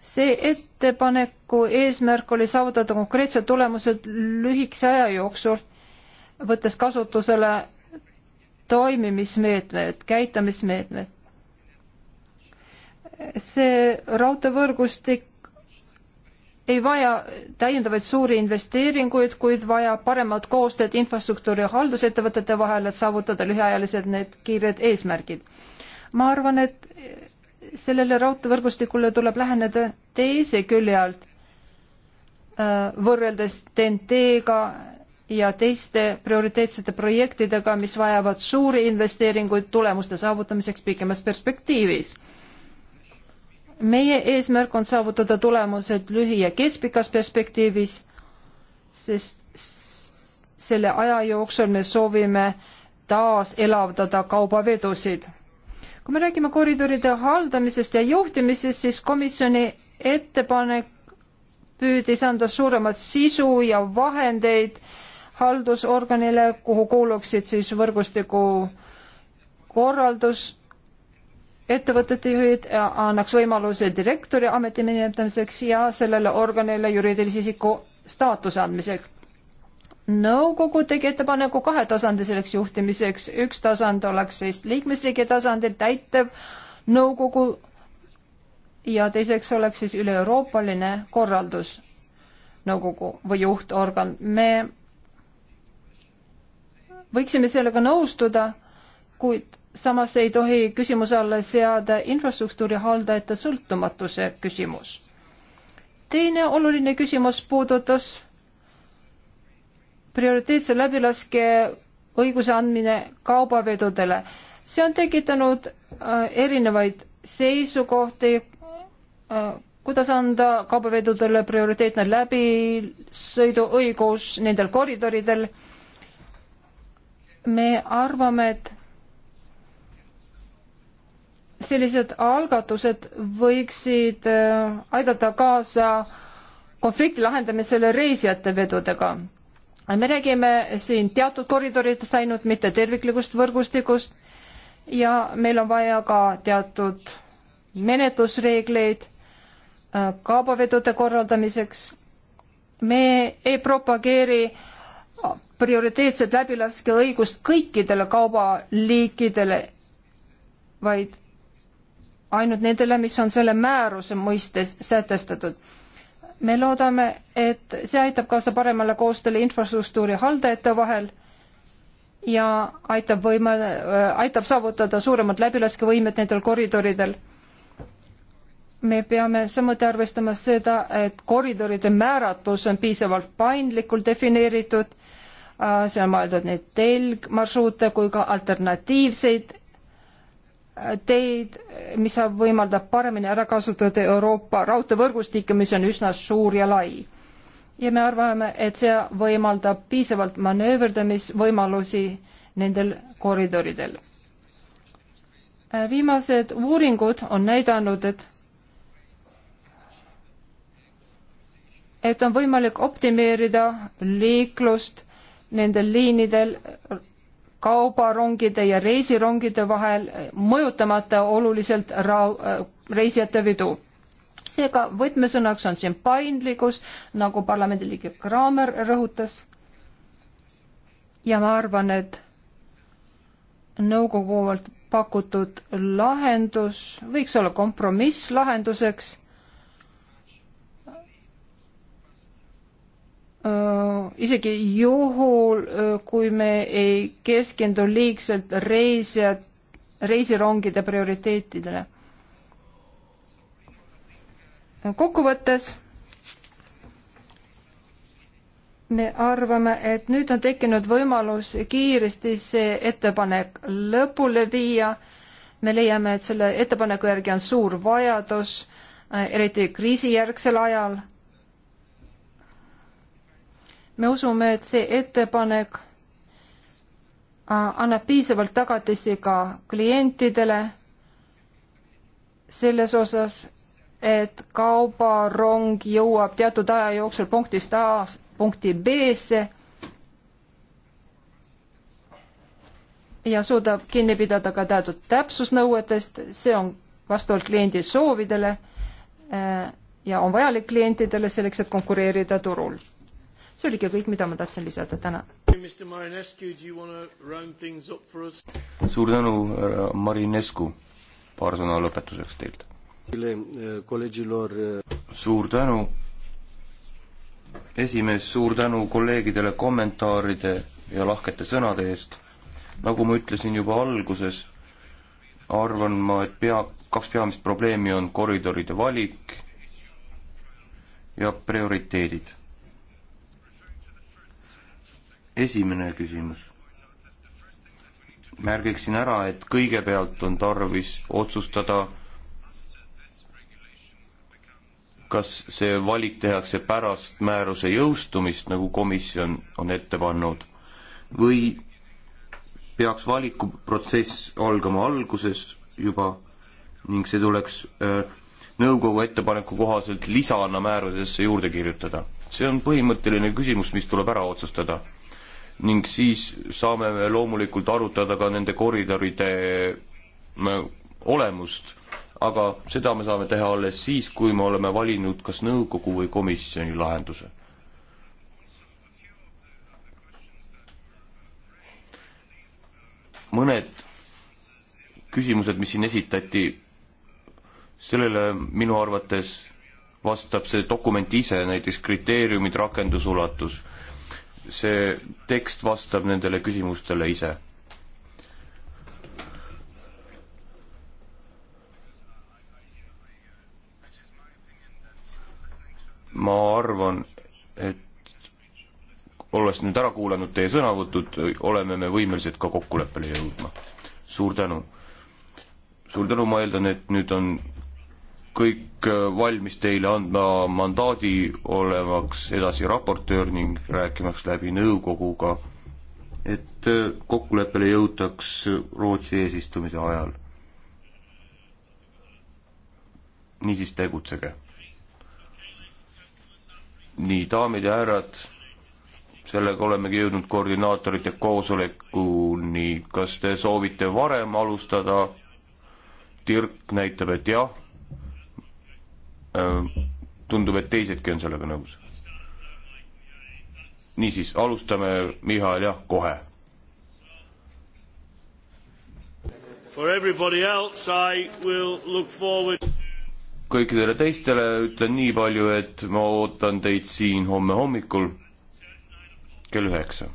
see ettepaneku eesmärk oli saavutada konkreetsed tulemused lühikese aja jooksul, võttes kasutusele toimimismeetmed, käitamismeetmed. see raudteevõrgustik ei vaja täiendavaid suuri investeeringuid, kuid vajab paremat koostööd infrastruktuuri ja haldusettevõtete vahel, et saavutada lühiajaliselt need kiired eesmärgid ma arvan, et sellele raudteevõrgustikule tuleb läheneda teise külje alt, äh, võrreldes TNT-ga ja teiste prioriteetsete projektidega, mis vajavad suuri investeeringuid tulemuste saavutamiseks pikemas perspektiivis meie eesmärk on saavutada tulemused lühi- ja keskpikas perspektiivis, sest selle aja jooksul me soovime taas elavdada kaubavedusid kui me räägime koridoride haldamisest ja juhtimisest, siis komisjoni ettepanek püüdis anda suuremat sisu ja vahendeid haldusorganile, kuhu kuuluksid siis võrgustiku korraldus, ettevõtete juhid, annaks võimaluse direktori ametinimetamiseks ja sellele organile juriidilise isiku staatuse andmiseks nõukogu tegi ettepaneku kahetasandiliseks juhtimiseks, üks tasand oleks siis liikmesriigi tasandil täitev nõukogu ja teiseks oleks siis üle-euroopaline korraldus, nõukogu või juhtorgan. me võiksime sellega nõustuda, kuid samas ei tohi küsimuse alla seada infrastruktuuri haldajate sõltumatuse küsimus. teine oluline küsimus puudutas prioriteetse läbilaske õiguse andmine kaubavedudele. see on tekitanud äh, erinevaid seisukohti, äh, kuidas anda kaubavedudele prioriteetne läbisõiduõigus nendel koridoridel. me arvame, et sellised algatused võiksid äh, aidata kaasa konflikti lahendamisele reisijate vedudega me räägime siin teatud koridoridest ainult, mitte terviklikust võrgustikust ja meil on vaja ka teatud menetlusreegleid äh, kaubavedude korraldamiseks. me ei propageeri prioriteetset läbilaskeõigust kõikidele kaubaliikidele, vaid ainult nendele, mis on selle määruse mõistes sätestatud me loodame, et see aitab kaasa paremale koostööle infrastruktuuri haldajate vahel ja aitab võima-, aitab saavutada suuremat läbilaskevõimet nendel koridoridel. me peame samuti arvestama seda, et koridoride määratlus on piisavalt paindlikult defineeritud, äh, see on mõeldud nii telgmarsruute kui ka alternatiivseid teid, mis võimaldab paremini ära kasutada Euroopa raudteevõrgustikke, mis on üsna suur ja lai. ja me arvame, et see võimaldab piisavalt manööverdamisvõimalusi nendel koridoridel. Äh, viimased uuringud on näidanud, et et on võimalik optimeerida liiklust nendel liinidel kaubarongide ja reisirongide vahel, eh, mõjutamata oluliselt ra-, eh, reisijate vedu. seega võtmesõnaks on siin paindlikkus, nagu parlamendiliige Kraamer rõhutas. ja ma arvan, et nõukogu poolt pakutud lahendus võiks olla kompromisslahenduseks Äh, isegi juhul, äh, kui me ei keskendu liigselt reisijad, reisirongide prioriteetidele. kokkuvõttes me arvame, et nüüd on tekkinud võimalus kiiresti see ettepanek lõpule viia. me leiame, et selle ettepaneku järgi on suur vajadus, äh, eriti kriisijärgsel ajal me usume, et see ettepanek äh, annab piisavalt tagatisi ka klientidele selles osas, et kaubarong jõuab teatud aja jooksul punktist A punkti B-sse ja suudab kinni pidada ka teatud täpsusnõuetest, see on vastavalt kliendi soovidele äh, ja on vajalik klientidele selleks, et konkureerida turul see oligi kõik, mida ma tahtsin lisada, tänan. suur tänu, härra Marinescu, paar sõna lõpetuseks teilt. Eh, eh, suur tänu, esimees, suur tänu kolleegidele kommentaaride ja lahkete sõnade eest. nagu ma ütlesin juba alguses, arvan ma, et pea, kaks peamist probleemi on koridoride valik ja prioriteedid esimene küsimus. märgiksin ära, et kõigepealt on tarvis otsustada, kas see valik tehakse pärast määruse jõustumist, nagu komisjon on ette pannud, või peaks valikuprotsess algama alguses juba ning see tuleks öö, äh, nõukogu ettepaneku kohaselt lisana määrusesse juurde kirjutada. see on põhimõtteline küsimus, mis tuleb ära otsustada ning siis saame me loomulikult arutada ka nende koridoride äh, olemust, aga seda me saame teha alles siis, kui me oleme valinud kas nõukogu või komisjoni lahenduse. mõned küsimused, mis siin esitati, sellele minu arvates vastab see dokument ise, näiteks kriteeriumid, rakendusulatus see tekst vastab nendele küsimustele ise. ma arvan, et olles nüüd ära kuulanud teie sõnavõtud, oleme me võimelised ka kokkuleppele jõudma. suur tänu. suur tänu, ma eeldan, et nüüd on kõik äh, valmis teile andma mandaadi, olemaks edasi raportöör ning rääkimaks läbi nõukoguga, et äh, kokkuleppele jõutaks Rootsi eesistumise ajal. niisiis tegutsege. nii, daamid ja härrad, sellega olemegi jõudnud koordinaatorite koosolekuni, kas te soovite varem alustada? Dirk näitab, et jah Äh, tundub, et teisedki on sellega nõus. niisiis, alustame, Mihhail, jah, kohe. For everybody else I will look forward kõikidele teistele ütlen nii palju, et ma ootan teid siin homme hommikul kell üheksa.